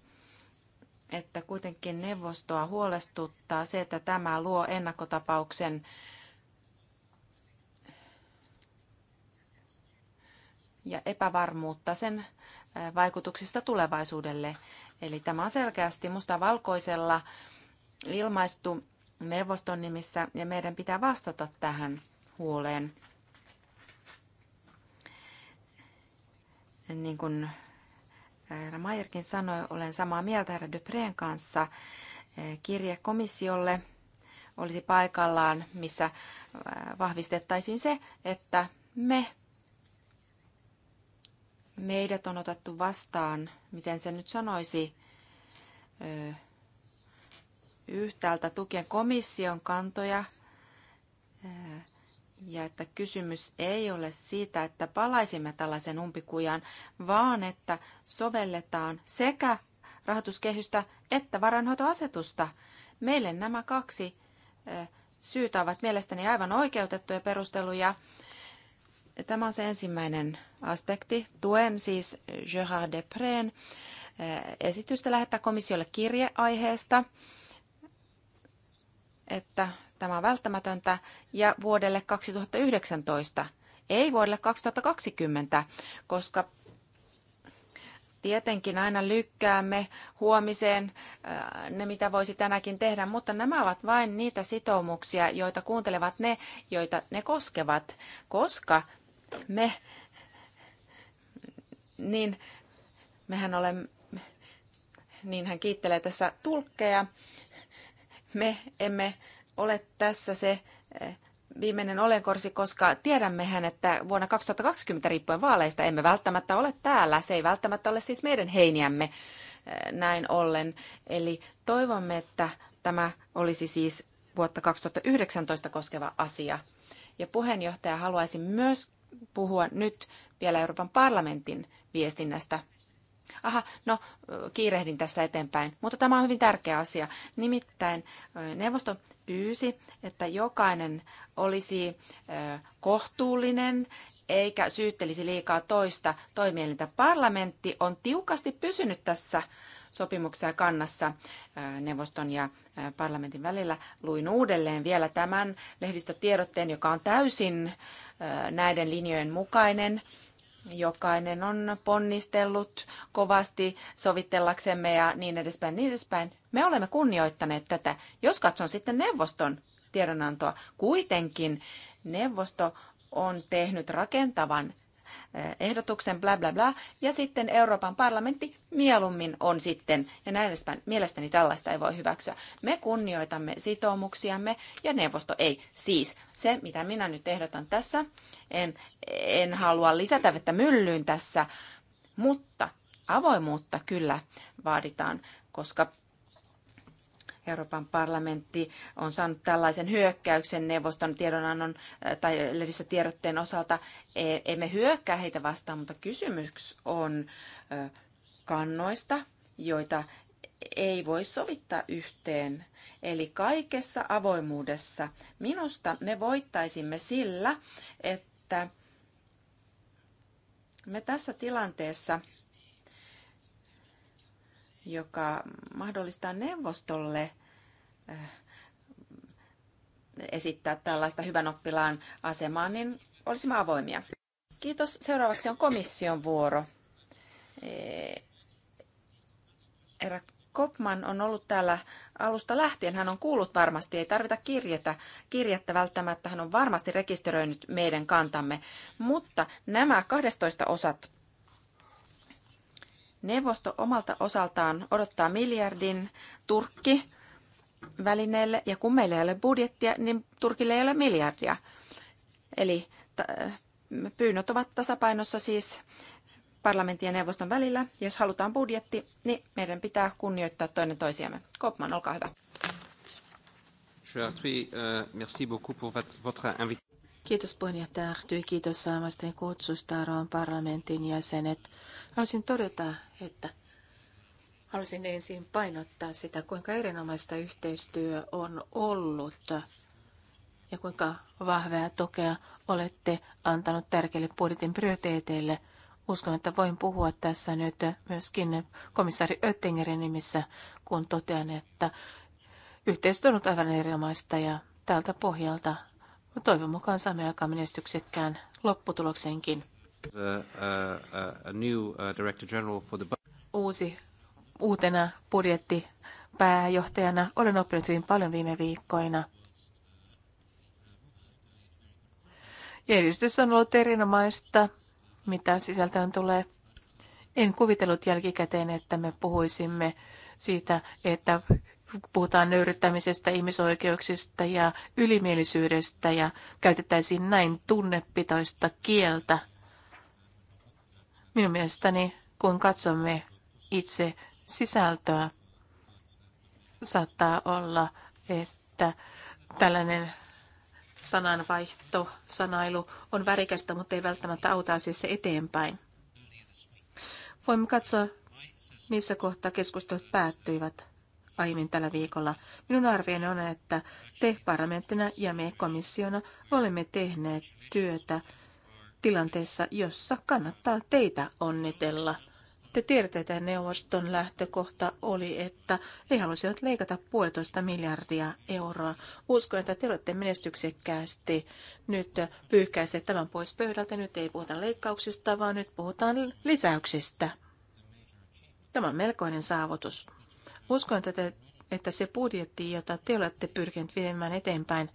että kuitenkin neuvostoa huolestuttaa se, että tämä luo ennakkotapauksen ja epävarmuutta sen äh, vaikutuksista tulevaisuudelle. Eli tämä on selkeästi musta valkoisella ilmaistu neuvoston nimissä ja meidän pitää vastata tähän huoleen. Niin kuin äh, herra Mayerkin sanoi, olen samaa mieltä herra Dupreen kanssa. Äh, kirje komissiolle olisi paikallaan, missä vahvistettaisiin se, että me meidät on otettu vastaan, miten se nyt sanoisi, yhtäältä tukien komission kantoja ja että kysymys ei ole siitä, että palaisimme tällaisen umpikujaan, vaan että sovelletaan sekä rahoituskehystä että varainhoitoasetusta. Meille nämä kaksi syytä ovat mielestäni aivan oikeutettuja perusteluja Tämä on se ensimmäinen aspekti. Tuen siis Gerard Depreen eh, esitystä lähettää komissiolle kirje aiheesta, että tämä on välttämätöntä, ja vuodelle 2019, ei vuodelle 2020, koska tietenkin aina lykkäämme huomiseen eh, ne, mitä voisi tänäkin tehdä, mutta nämä ovat vain niitä sitoumuksia, joita kuuntelevat ne, joita ne koskevat, koska me, niin mehän olemme, niin hän kiittelee tässä tulkkeja. Me emme ole tässä se eh, viimeinen olenkorsi, koska tiedämmehän, että vuonna 2020 riippuen vaaleista emme välttämättä ole täällä. Se ei välttämättä ole siis meidän heiniämme eh, näin ollen. Eli toivomme, että tämä olisi siis vuotta 2019 koskeva asia. Ja puheenjohtaja haluaisi myös puhua nyt vielä Euroopan parlamentin viestinnästä. Aha, no kiirehdin tässä eteenpäin, mutta tämä on hyvin tärkeä asia. Nimittäin neuvosto pyysi, että jokainen olisi kohtuullinen eikä syyttelisi liikaa toista toimielintä. Parlamentti on tiukasti pysynyt tässä sopimuksessa ja kannassa neuvoston ja parlamentin välillä. Luin uudelleen vielä tämän lehdistötiedotteen, joka on täysin näiden linjojen mukainen. Jokainen on ponnistellut kovasti sovitellaksemme ja niin edespäin, niin edespäin. Me olemme kunnioittaneet tätä. Jos katson sitten neuvoston tiedonantoa, kuitenkin neuvosto on tehnyt rakentavan ehdotuksen, bla bla bla, ja sitten Euroopan parlamentti mieluummin on sitten, ja näin edespäin, mielestäni tällaista ei voi hyväksyä. Me kunnioitamme sitoumuksiamme ja neuvosto ei. Siis se, mitä minä nyt ehdotan tässä, en, en halua lisätä vettä myllyyn tässä, mutta avoimuutta kyllä vaaditaan, koska Euroopan parlamentti on saanut tällaisen hyökkäyksen neuvoston tiedonannon äh, tai lehdistötiedotteen osalta. E, emme hyökkää heitä vastaan, mutta kysymys on kannoista, joita ei voi sovittaa yhteen. Eli kaikessa avoimuudessa minusta me voittaisimme sillä, että me tässä tilanteessa – joka mahdollistaa neuvostolle eh, esittää tällaista hyvän oppilaan asemaa, niin olisimme avoimia. Kiitos. Seuraavaksi on komission vuoro. Eh, herra Kopman on ollut täällä alusta lähtien. Hän on kuullut varmasti, ei tarvita kirjettä, kirjettä välttämättä. Hän on varmasti rekisteröinyt meidän kantamme. Mutta nämä 12 osat Neuvosto omalta osaltaan odottaa miljardin Turkki välineelle, ja kun meillä ei ole budjettia, niin Turkille ei ole miljardia. Eli pyynnöt ovat tasapainossa siis parlamentin ja neuvoston välillä. Jos halutaan budjetti, niin meidän pitää kunnioittaa toinen toisiamme. Kopman, olkaa hyvä. Kiitos puheenjohtaja Ahtui, kiitos saamasten kutsusta Aroon parlamentin jäsenet. Haluaisin todeta, että haluaisin ensin painottaa sitä, kuinka erinomaista yhteistyö on ollut ja kuinka vahvaa tukea olette antanut tärkeille budjetin prioriteeteille. Uskon, että voin puhua tässä nyt myöskin komissaari Oettingerin nimissä, kun totean, että yhteistyö on ollut aivan erinomaista ja tältä pohjalta Toivon mukaan saamme aikaan menestyksekkään lopputuloksenkin. Uh, Uusi, uutena budjettipääjohtajana olen oppinut hyvin paljon viime viikkoina. Järjestys on ollut erinomaista, mitä sisältöön tulee. En kuvitellut jälkikäteen, että me puhuisimme siitä, että puhutaan nöyryttämisestä, ihmisoikeuksista ja ylimielisyydestä ja käytettäisiin näin tunnepitoista kieltä. Minun mielestäni, kun katsomme itse sisältöä, saattaa olla, että tällainen sananvaihto, sanailu on värikästä, mutta ei välttämättä auta asiassa eteenpäin. Voimme katsoa, missä kohtaa keskustelut päättyivät aiemmin tällä viikolla. Minun arvioni on, että te parlamenttina ja me komissiona olemme tehneet työtä tilanteessa, jossa kannattaa teitä onnitella. Te tiedätte, että neuvoston lähtökohta oli, että he halusivat leikata puolitoista miljardia euroa. Uskon, että te olette menestyksekkäästi nyt pyyhkäiseet tämän pois pöydältä. Nyt ei puhuta leikkauksista, vaan nyt puhutaan lisäyksistä. Tämä on melkoinen saavutus. Uskon, että, te, että se budjetti, jota te olette pyrkineet viemään eteenpäin,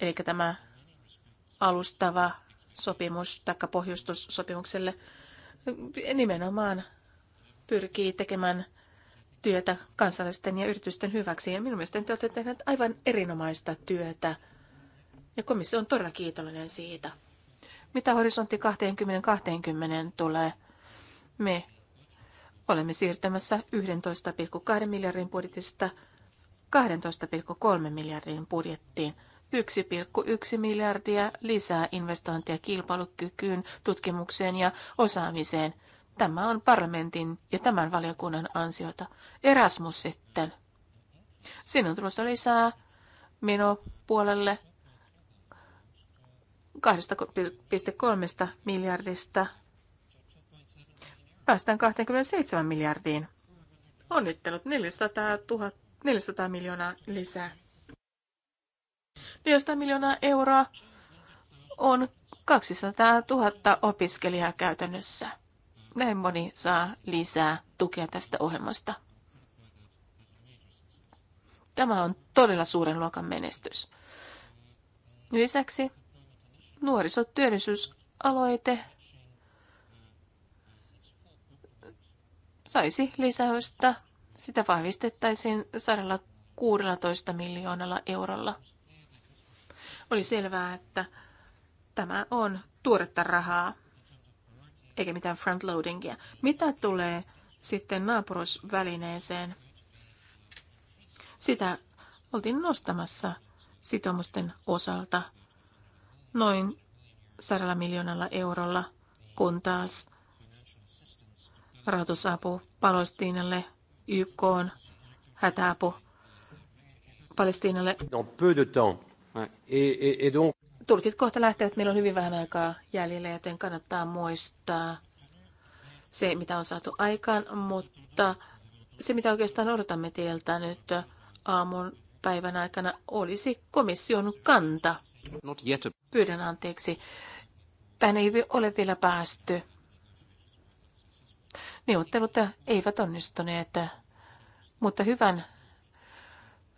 eli tämä alustava sopimus tai pohjustus sopimukselle, nimenomaan pyrkii tekemään työtä kansallisten ja yritysten hyväksi. Ja minun mielestäni te olette tehneet aivan erinomaista työtä. Ja komissio on todella kiitollinen siitä. Mitä horisontti 2020 tulee? Me olemme siirtämässä 11,2 miljardin budjetista 12,3 miljardin budjettiin. 1,1 miljardia lisää investointia kilpailukykyyn, tutkimukseen ja osaamiseen. Tämä on parlamentin ja tämän valiokunnan ansiota. Erasmus sitten. Sinun tulossa lisää menopuolelle 2,3 miljardista päästään 27 miljardiin. Onnittelut 400, 000, 400 miljoonaa lisää. 400 miljoonaa euroa on 200 000 opiskelijaa käytännössä. Näin moni saa lisää tukea tästä ohjelmasta. Tämä on todella suuren luokan menestys. Lisäksi nuorisotyöllisyysaloite saisi lisäystä. Sitä vahvistettaisiin 116 miljoonalla eurolla. Oli selvää, että tämä on tuoretta rahaa, eikä mitään frontloadingia. Mitä tulee sitten naapurusvälineeseen? Sitä oltiin nostamassa sitoumusten osalta noin 100 miljoonalla eurolla, kun taas rahoitusapu Palestiinalle, YK on hätäapu Palestiinalle. Dans peu de temps. Et, et, et donc... Tulkit kohta lähtevät, meillä on hyvin vähän aikaa jäljellä, joten kannattaa muistaa se, mitä on saatu aikaan, mutta se, mitä oikeastaan odotamme teiltä nyt aamun päivän aikana, olisi komission kanta. Pyydän anteeksi. Tähän ei ole vielä päästy. Neuvottelut eivät onnistuneet, mutta hyvän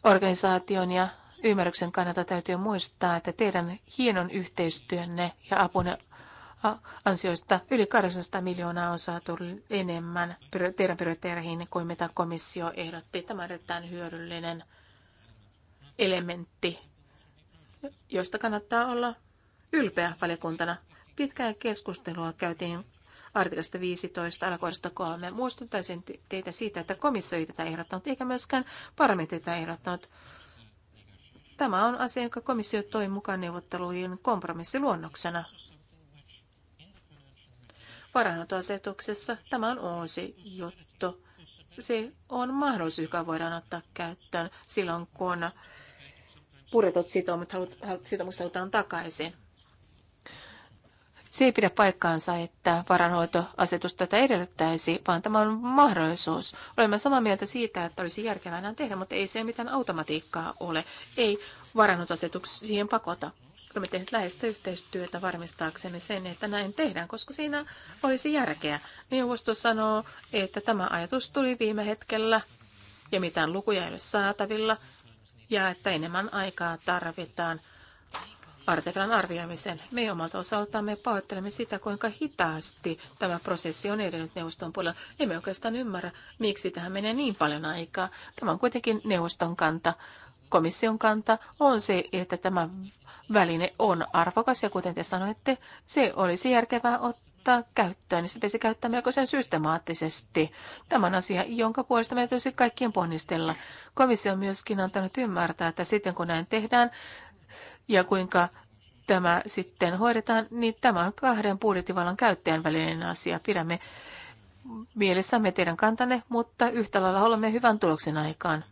organisaation ja ymmärryksen kannalta täytyy muistaa, että teidän hienon yhteistyönne ja apunne ansioista yli 800 miljoonaa on saatu enemmän teidän prioriteereihin kuin mitä komissio ehdotti. Tämä on erittäin hyödyllinen elementti, josta kannattaa olla ylpeä valiokuntana. Pitkää keskustelua käytiin artiklasta 15 alakohdasta 3. Muistuttaisin teitä siitä, että komissio ei tätä ehdottanut, eikä myöskään parlamentti tätä ehdottanut. Tämä on asia, jonka komissio toi mukaan neuvotteluihin kompromissiluonnoksena. Varanhoitoasetuksessa tämä on uusi juttu. Se on mahdollisuus, joka voidaan ottaa käyttöön silloin, kun puretut sitoumukset halutaan takaisin. Se ei pidä paikkaansa, että varanhoitoasetus tätä edellyttäisi, vaan tämä on mahdollisuus. Olemme samaa mieltä siitä, että olisi järkevää näin tehdä, mutta ei se mitään automatiikkaa ole. Ei varanhoitoasetus siihen pakota. Olemme tehneet läheistä yhteistyötä varmistaaksemme sen, että näin tehdään, koska siinä olisi järkeä. Neuvosto sanoo, että tämä ajatus tuli viime hetkellä ja mitään lukuja ei ole saatavilla ja että enemmän aikaa tarvitaan – artiklan arvioimisen. Me omalta osaltamme pahoittelemme sitä, kuinka hitaasti tämä prosessi on edennyt neuvoston puolella. Emme oikeastaan ymmärrä, miksi tähän menee niin paljon aikaa. Tämä on kuitenkin neuvoston kanta. Komission kanta on se, että tämä väline on arvokas ja kuten te sanoitte, se olisi järkevää ottaa käyttöön, niin se pitäisi käyttää melkoisen systemaattisesti. Tämä on asia, jonka puolesta meidän täytyy kaikkien ponnistella. Komissio on myöskin antanut ymmärtää, että sitten kun näin tehdään, ja kuinka tämä sitten hoidetaan, niin tämä on kahden budjettivallan käyttäjän välinen asia. Pidämme mielessämme teidän kantanne, mutta yhtä lailla olemme hyvän tuloksen aikaan.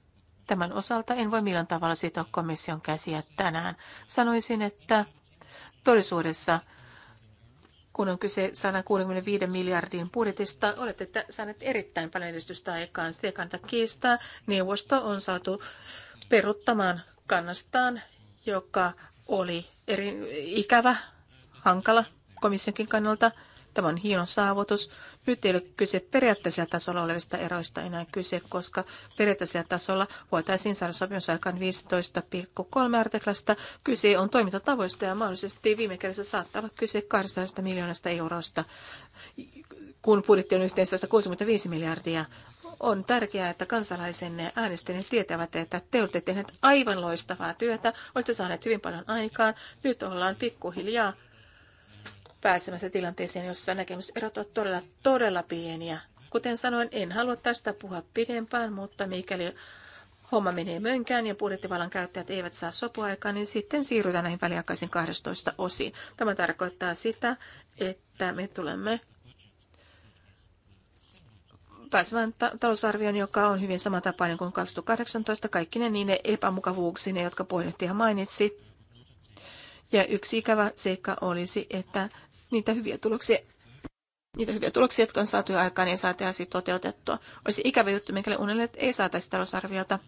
Tämän osalta en voi millään tavalla sitoa komission käsiä tänään. Sanoisin, että todellisuudessa, kun on kyse 165 miljardin budjetista, olette saaneet erittäin paljon edistystä aikaan. Sitä ei kannata kiistää. Neuvosto on saatu peruttamaan kannastaan joka oli eri, ikävä, hankala komissionkin kannalta. Tämä on hieno saavutus. Nyt ei ole kyse periaatteisella tasolla olevista eroista enää kyse, koska periaatteisella tasolla voitaisiin saada sopimus aikaan 15,3 artiklasta. Kyse on toimintatavoista ja mahdollisesti viime kädessä saattaa olla kyse 200 miljoonasta eurosta kun budjetti on yhteensä 165 miljardia, on tärkeää, että kansalaisenne äänestäjät tietävät, että te olette tehneet aivan loistavaa työtä, olette saaneet hyvin paljon aikaan. Nyt ollaan pikkuhiljaa pääsemässä tilanteeseen, jossa näkemyserot ovat todella, todella pieniä. Kuten sanoin, en halua tästä puhua pidempään, mutta mikäli homma menee mönkään ja budjettivallan käyttäjät eivät saa sopuaikaa, niin sitten siirrytään näihin väliaikaisiin 12 osiin. Tämä tarkoittaa sitä, että me tulemme pääsevän ta- talousarvion, joka on hyvin samantapainen kuin 2018, kaikki ne niin epämukavuuksine, jotka puheenjohtaja mainitsi. Ja yksi ikävä seikka olisi, että niitä hyviä tuloksia niitä hyviä tuloksia, jotka on saatu jo aikaan, ei saataisi toteutettua. Olisi ikävä juttu, mikäli unelle ei saataisi talousarviota.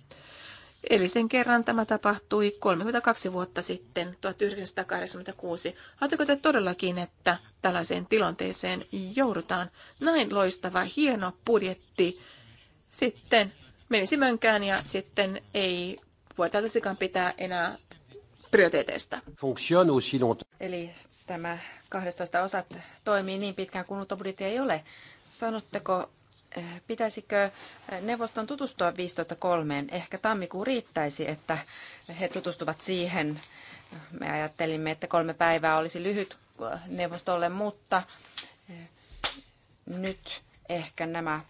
Edellisen kerran tämä tapahtui 32 vuotta sitten, 1986. Haluatteko te todellakin, että tällaiseen tilanteeseen joudutaan? Näin loistava, hieno budjetti. Sitten menisi mönkään ja sitten ei voitaisikaan pitää enää prioriteeteista. Eli tämä 12 osat toimii niin pitkään, kuin uutta budjettia ei ole. Sanotteko pitäisikö eh, neuvoston tutustua 15.3. Ehkä tammikuu riittäisi, että he tutustuvat siihen. Me ajattelimme, että kolme päivää olisi lyhyt eh, neuvostolle, mutta eh, nyt ehkä nämä,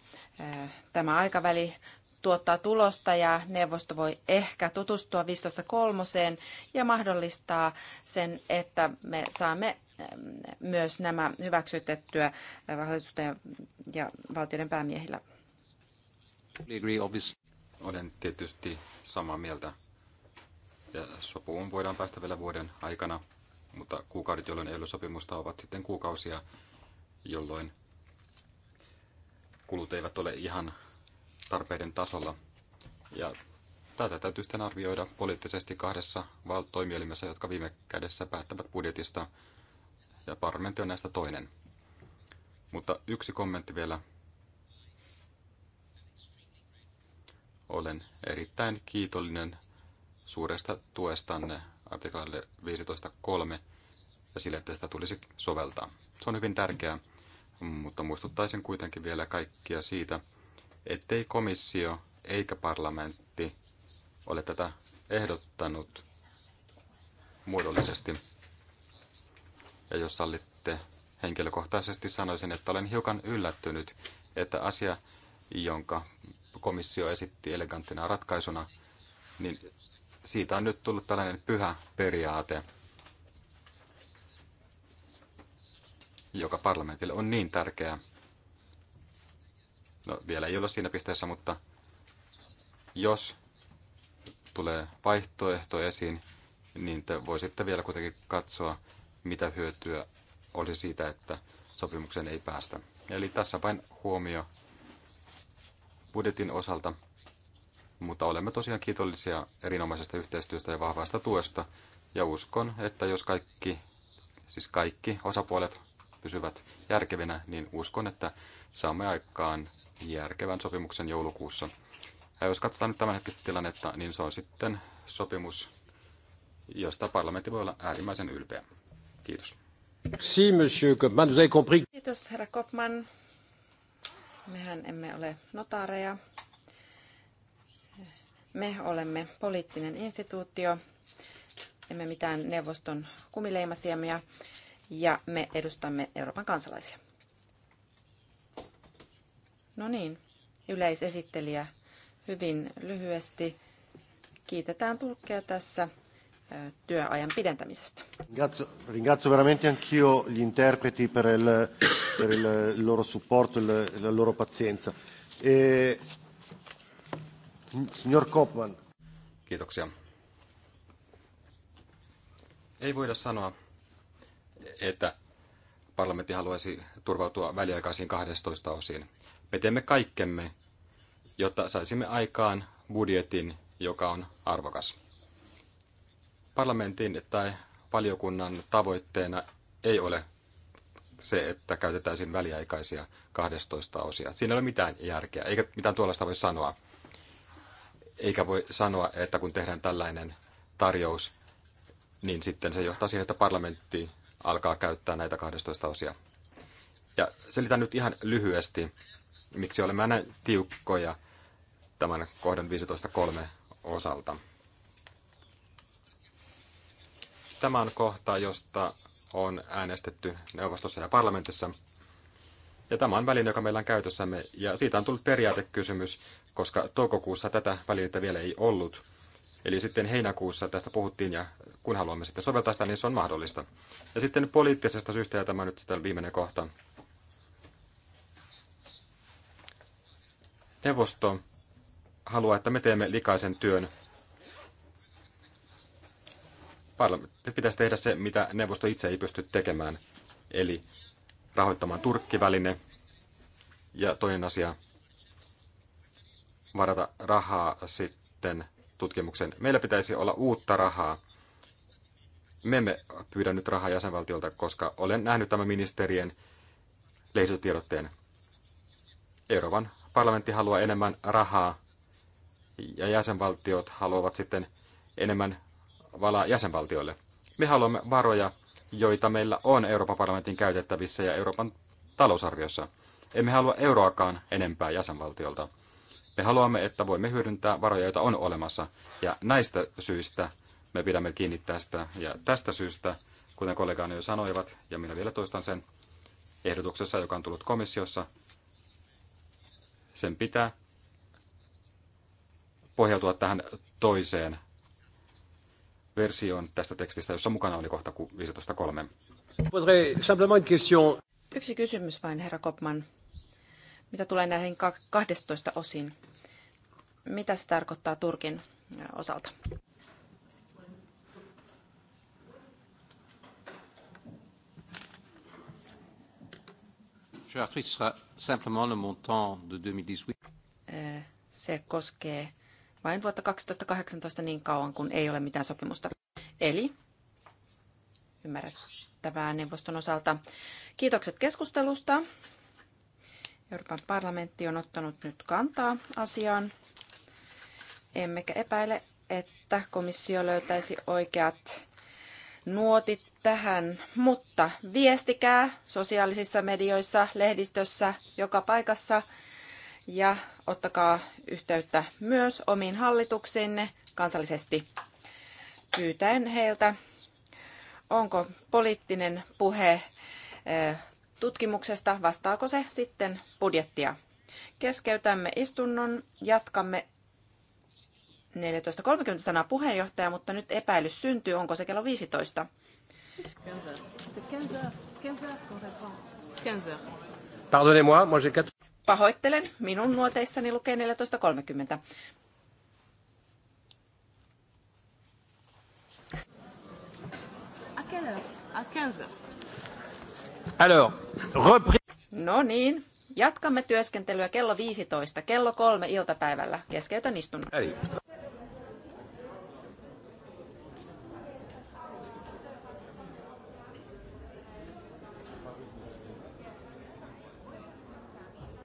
tämä aikaväli tuottaa tulosta ja neuvosto voi ehkä tutustua 15.3. ja mahdollistaa sen, että me saamme myös nämä hyväksytettyä hallitusten ja valtioiden päämiehillä. Olen tietysti samaa mieltä. Ja sopuun voidaan päästä vielä vuoden aikana, mutta kuukaudet, jolloin ei ole sopimusta, ovat sitten kuukausia, jolloin kulut eivät ole ihan tarpeiden tasolla. Ja tätä täytyy sitten arvioida poliittisesti kahdessa toimielimessä, jotka viime kädessä päättävät budjetista, ja parlamentti on näistä toinen. Mutta yksi kommentti vielä. Olen erittäin kiitollinen suuresta tuestanne artiklalle 15.3 ja sille, että sitä tulisi soveltaa. Se on hyvin tärkeää, mutta muistuttaisin kuitenkin vielä kaikkia siitä, ettei komissio eikä parlamentti ole tätä ehdottanut muodollisesti. Ja jos sallitte, Henkilökohtaisesti sanoisin, että olen hiukan yllättynyt, että asia, jonka komissio esitti eleganttina ratkaisuna, niin siitä on nyt tullut tällainen pyhä periaate, joka parlamentille on niin tärkeä. No vielä ei ole siinä pisteessä, mutta jos tulee vaihtoehto esiin, niin te voisitte vielä kuitenkin katsoa, mitä hyötyä olisi siitä, että sopimukseen ei päästä. Eli tässä vain huomio budjetin osalta, mutta olemme tosiaan kiitollisia erinomaisesta yhteistyöstä ja vahvasta tuesta. Ja uskon, että jos kaikki, siis kaikki osapuolet pysyvät järkevinä, niin uskon, että saamme aikaan järkevän sopimuksen joulukuussa. Ja jos katsotaan nyt hetkistä tilannetta, niin se on sitten sopimus, josta parlamentti voi olla äärimmäisen ylpeä. Kiitos. Si, monsieur Kopman, vous avez compris. Kiitos, herra Kopman. Mehän emme ole notaareja. Me olemme poliittinen instituutio, emme mitään neuvoston kumileimasiamia ja me edustamme Euroopan kansalaisia. No niin, yleisesittelijä hyvin lyhyesti. Kiitetään tulkkeja tässä työajan pidentämisestä. Ringrazio, ringrazio veramente anch'io gli interpreti per il, per il loro supporto e la loro pazienza. E, signor Kopman. Kiitoksia. Ei voida sanoa, että parlamentti haluaisi turvautua väliaikaisiin 12 osiin. Me teemme kaikkemme, jotta saisimme aikaan budjetin, joka on arvokas. Parlamentin tai valiokunnan tavoitteena ei ole se, että käytetään väliaikaisia 12 osia. Siinä ei ole mitään järkeä, eikä mitään tuollaista voi sanoa. Eikä voi sanoa, että kun tehdään tällainen tarjous, niin sitten se johtaa siihen, että parlamentti alkaa käyttää näitä 12 osia. Ja selitän nyt ihan lyhyesti, miksi olemme näin tiukkoja tämän kohdan 15.3 osalta. Tämä on kohta, josta on äänestetty neuvostossa ja parlamentissa. Ja tämä on väline, joka meillä on käytössämme, ja siitä on tullut periaatekysymys, koska toukokuussa tätä välinettä vielä ei ollut. Eli sitten heinäkuussa tästä puhuttiin, ja kun haluamme sitten soveltaa sitä, niin se on mahdollista. Ja sitten poliittisesta syystä, ja tämä on nyt sitten viimeinen kohta. Neuvosto haluaa, että me teemme likaisen työn parlamentti pitäisi tehdä se, mitä neuvosto itse ei pysty tekemään, eli rahoittamaan Turkkiväline ja toinen asia, varata rahaa sitten tutkimuksen. Meillä pitäisi olla uutta rahaa. Me emme pyydä nyt rahaa jäsenvaltiolta, koska olen nähnyt tämän ministerien lehdistötiedotteen. Euroopan parlamentti haluaa enemmän rahaa ja jäsenvaltiot haluavat sitten enemmän valaa jäsenvaltioille. Me haluamme varoja, joita meillä on Euroopan parlamentin käytettävissä ja Euroopan talousarviossa. Emme halua euroakaan enempää jäsenvaltiolta. Me haluamme, että voimme hyödyntää varoja, joita on olemassa, ja näistä syistä me pidämme kiinni tästä, ja tästä syystä, kuten kollegaani jo sanoivat, ja minä vielä toistan sen ehdotuksessa, joka on tullut komissiossa, sen pitää pohjautua tähän toiseen version tästä tekstistä, jossa mukana oli kohta 15.3. Yksi kysymys vain, herra Kopman. Mitä tulee näihin 12 osiin? Mitä se tarkoittaa Turkin osalta? Se koskee vain vuotta 2018 niin kauan, kun ei ole mitään sopimusta. Eli ymmärrettävää neuvoston osalta. Kiitokset keskustelusta. Euroopan parlamentti on ottanut nyt kantaa asiaan. Emmekä epäile, että komissio löytäisi oikeat nuotit tähän, mutta viestikää sosiaalisissa medioissa, lehdistössä, joka paikassa – ja ottakaa yhteyttä myös omiin hallituksiinne kansallisesti pyytäen heiltä, onko poliittinen puhe tutkimuksesta, vastaako se sitten budjettia. Keskeytämme istunnon, jatkamme 14.30 sanaa puheenjohtaja, mutta nyt epäilys syntyy, onko se kello 15? 15 Pardonnez-moi, moi j'ai 4... Pahoittelen, minun nuoteissani lukee 14.30. Alors, No niin, jatkamme työskentelyä kello 15, kello kolme iltapäivällä. Keskeytän istunnon.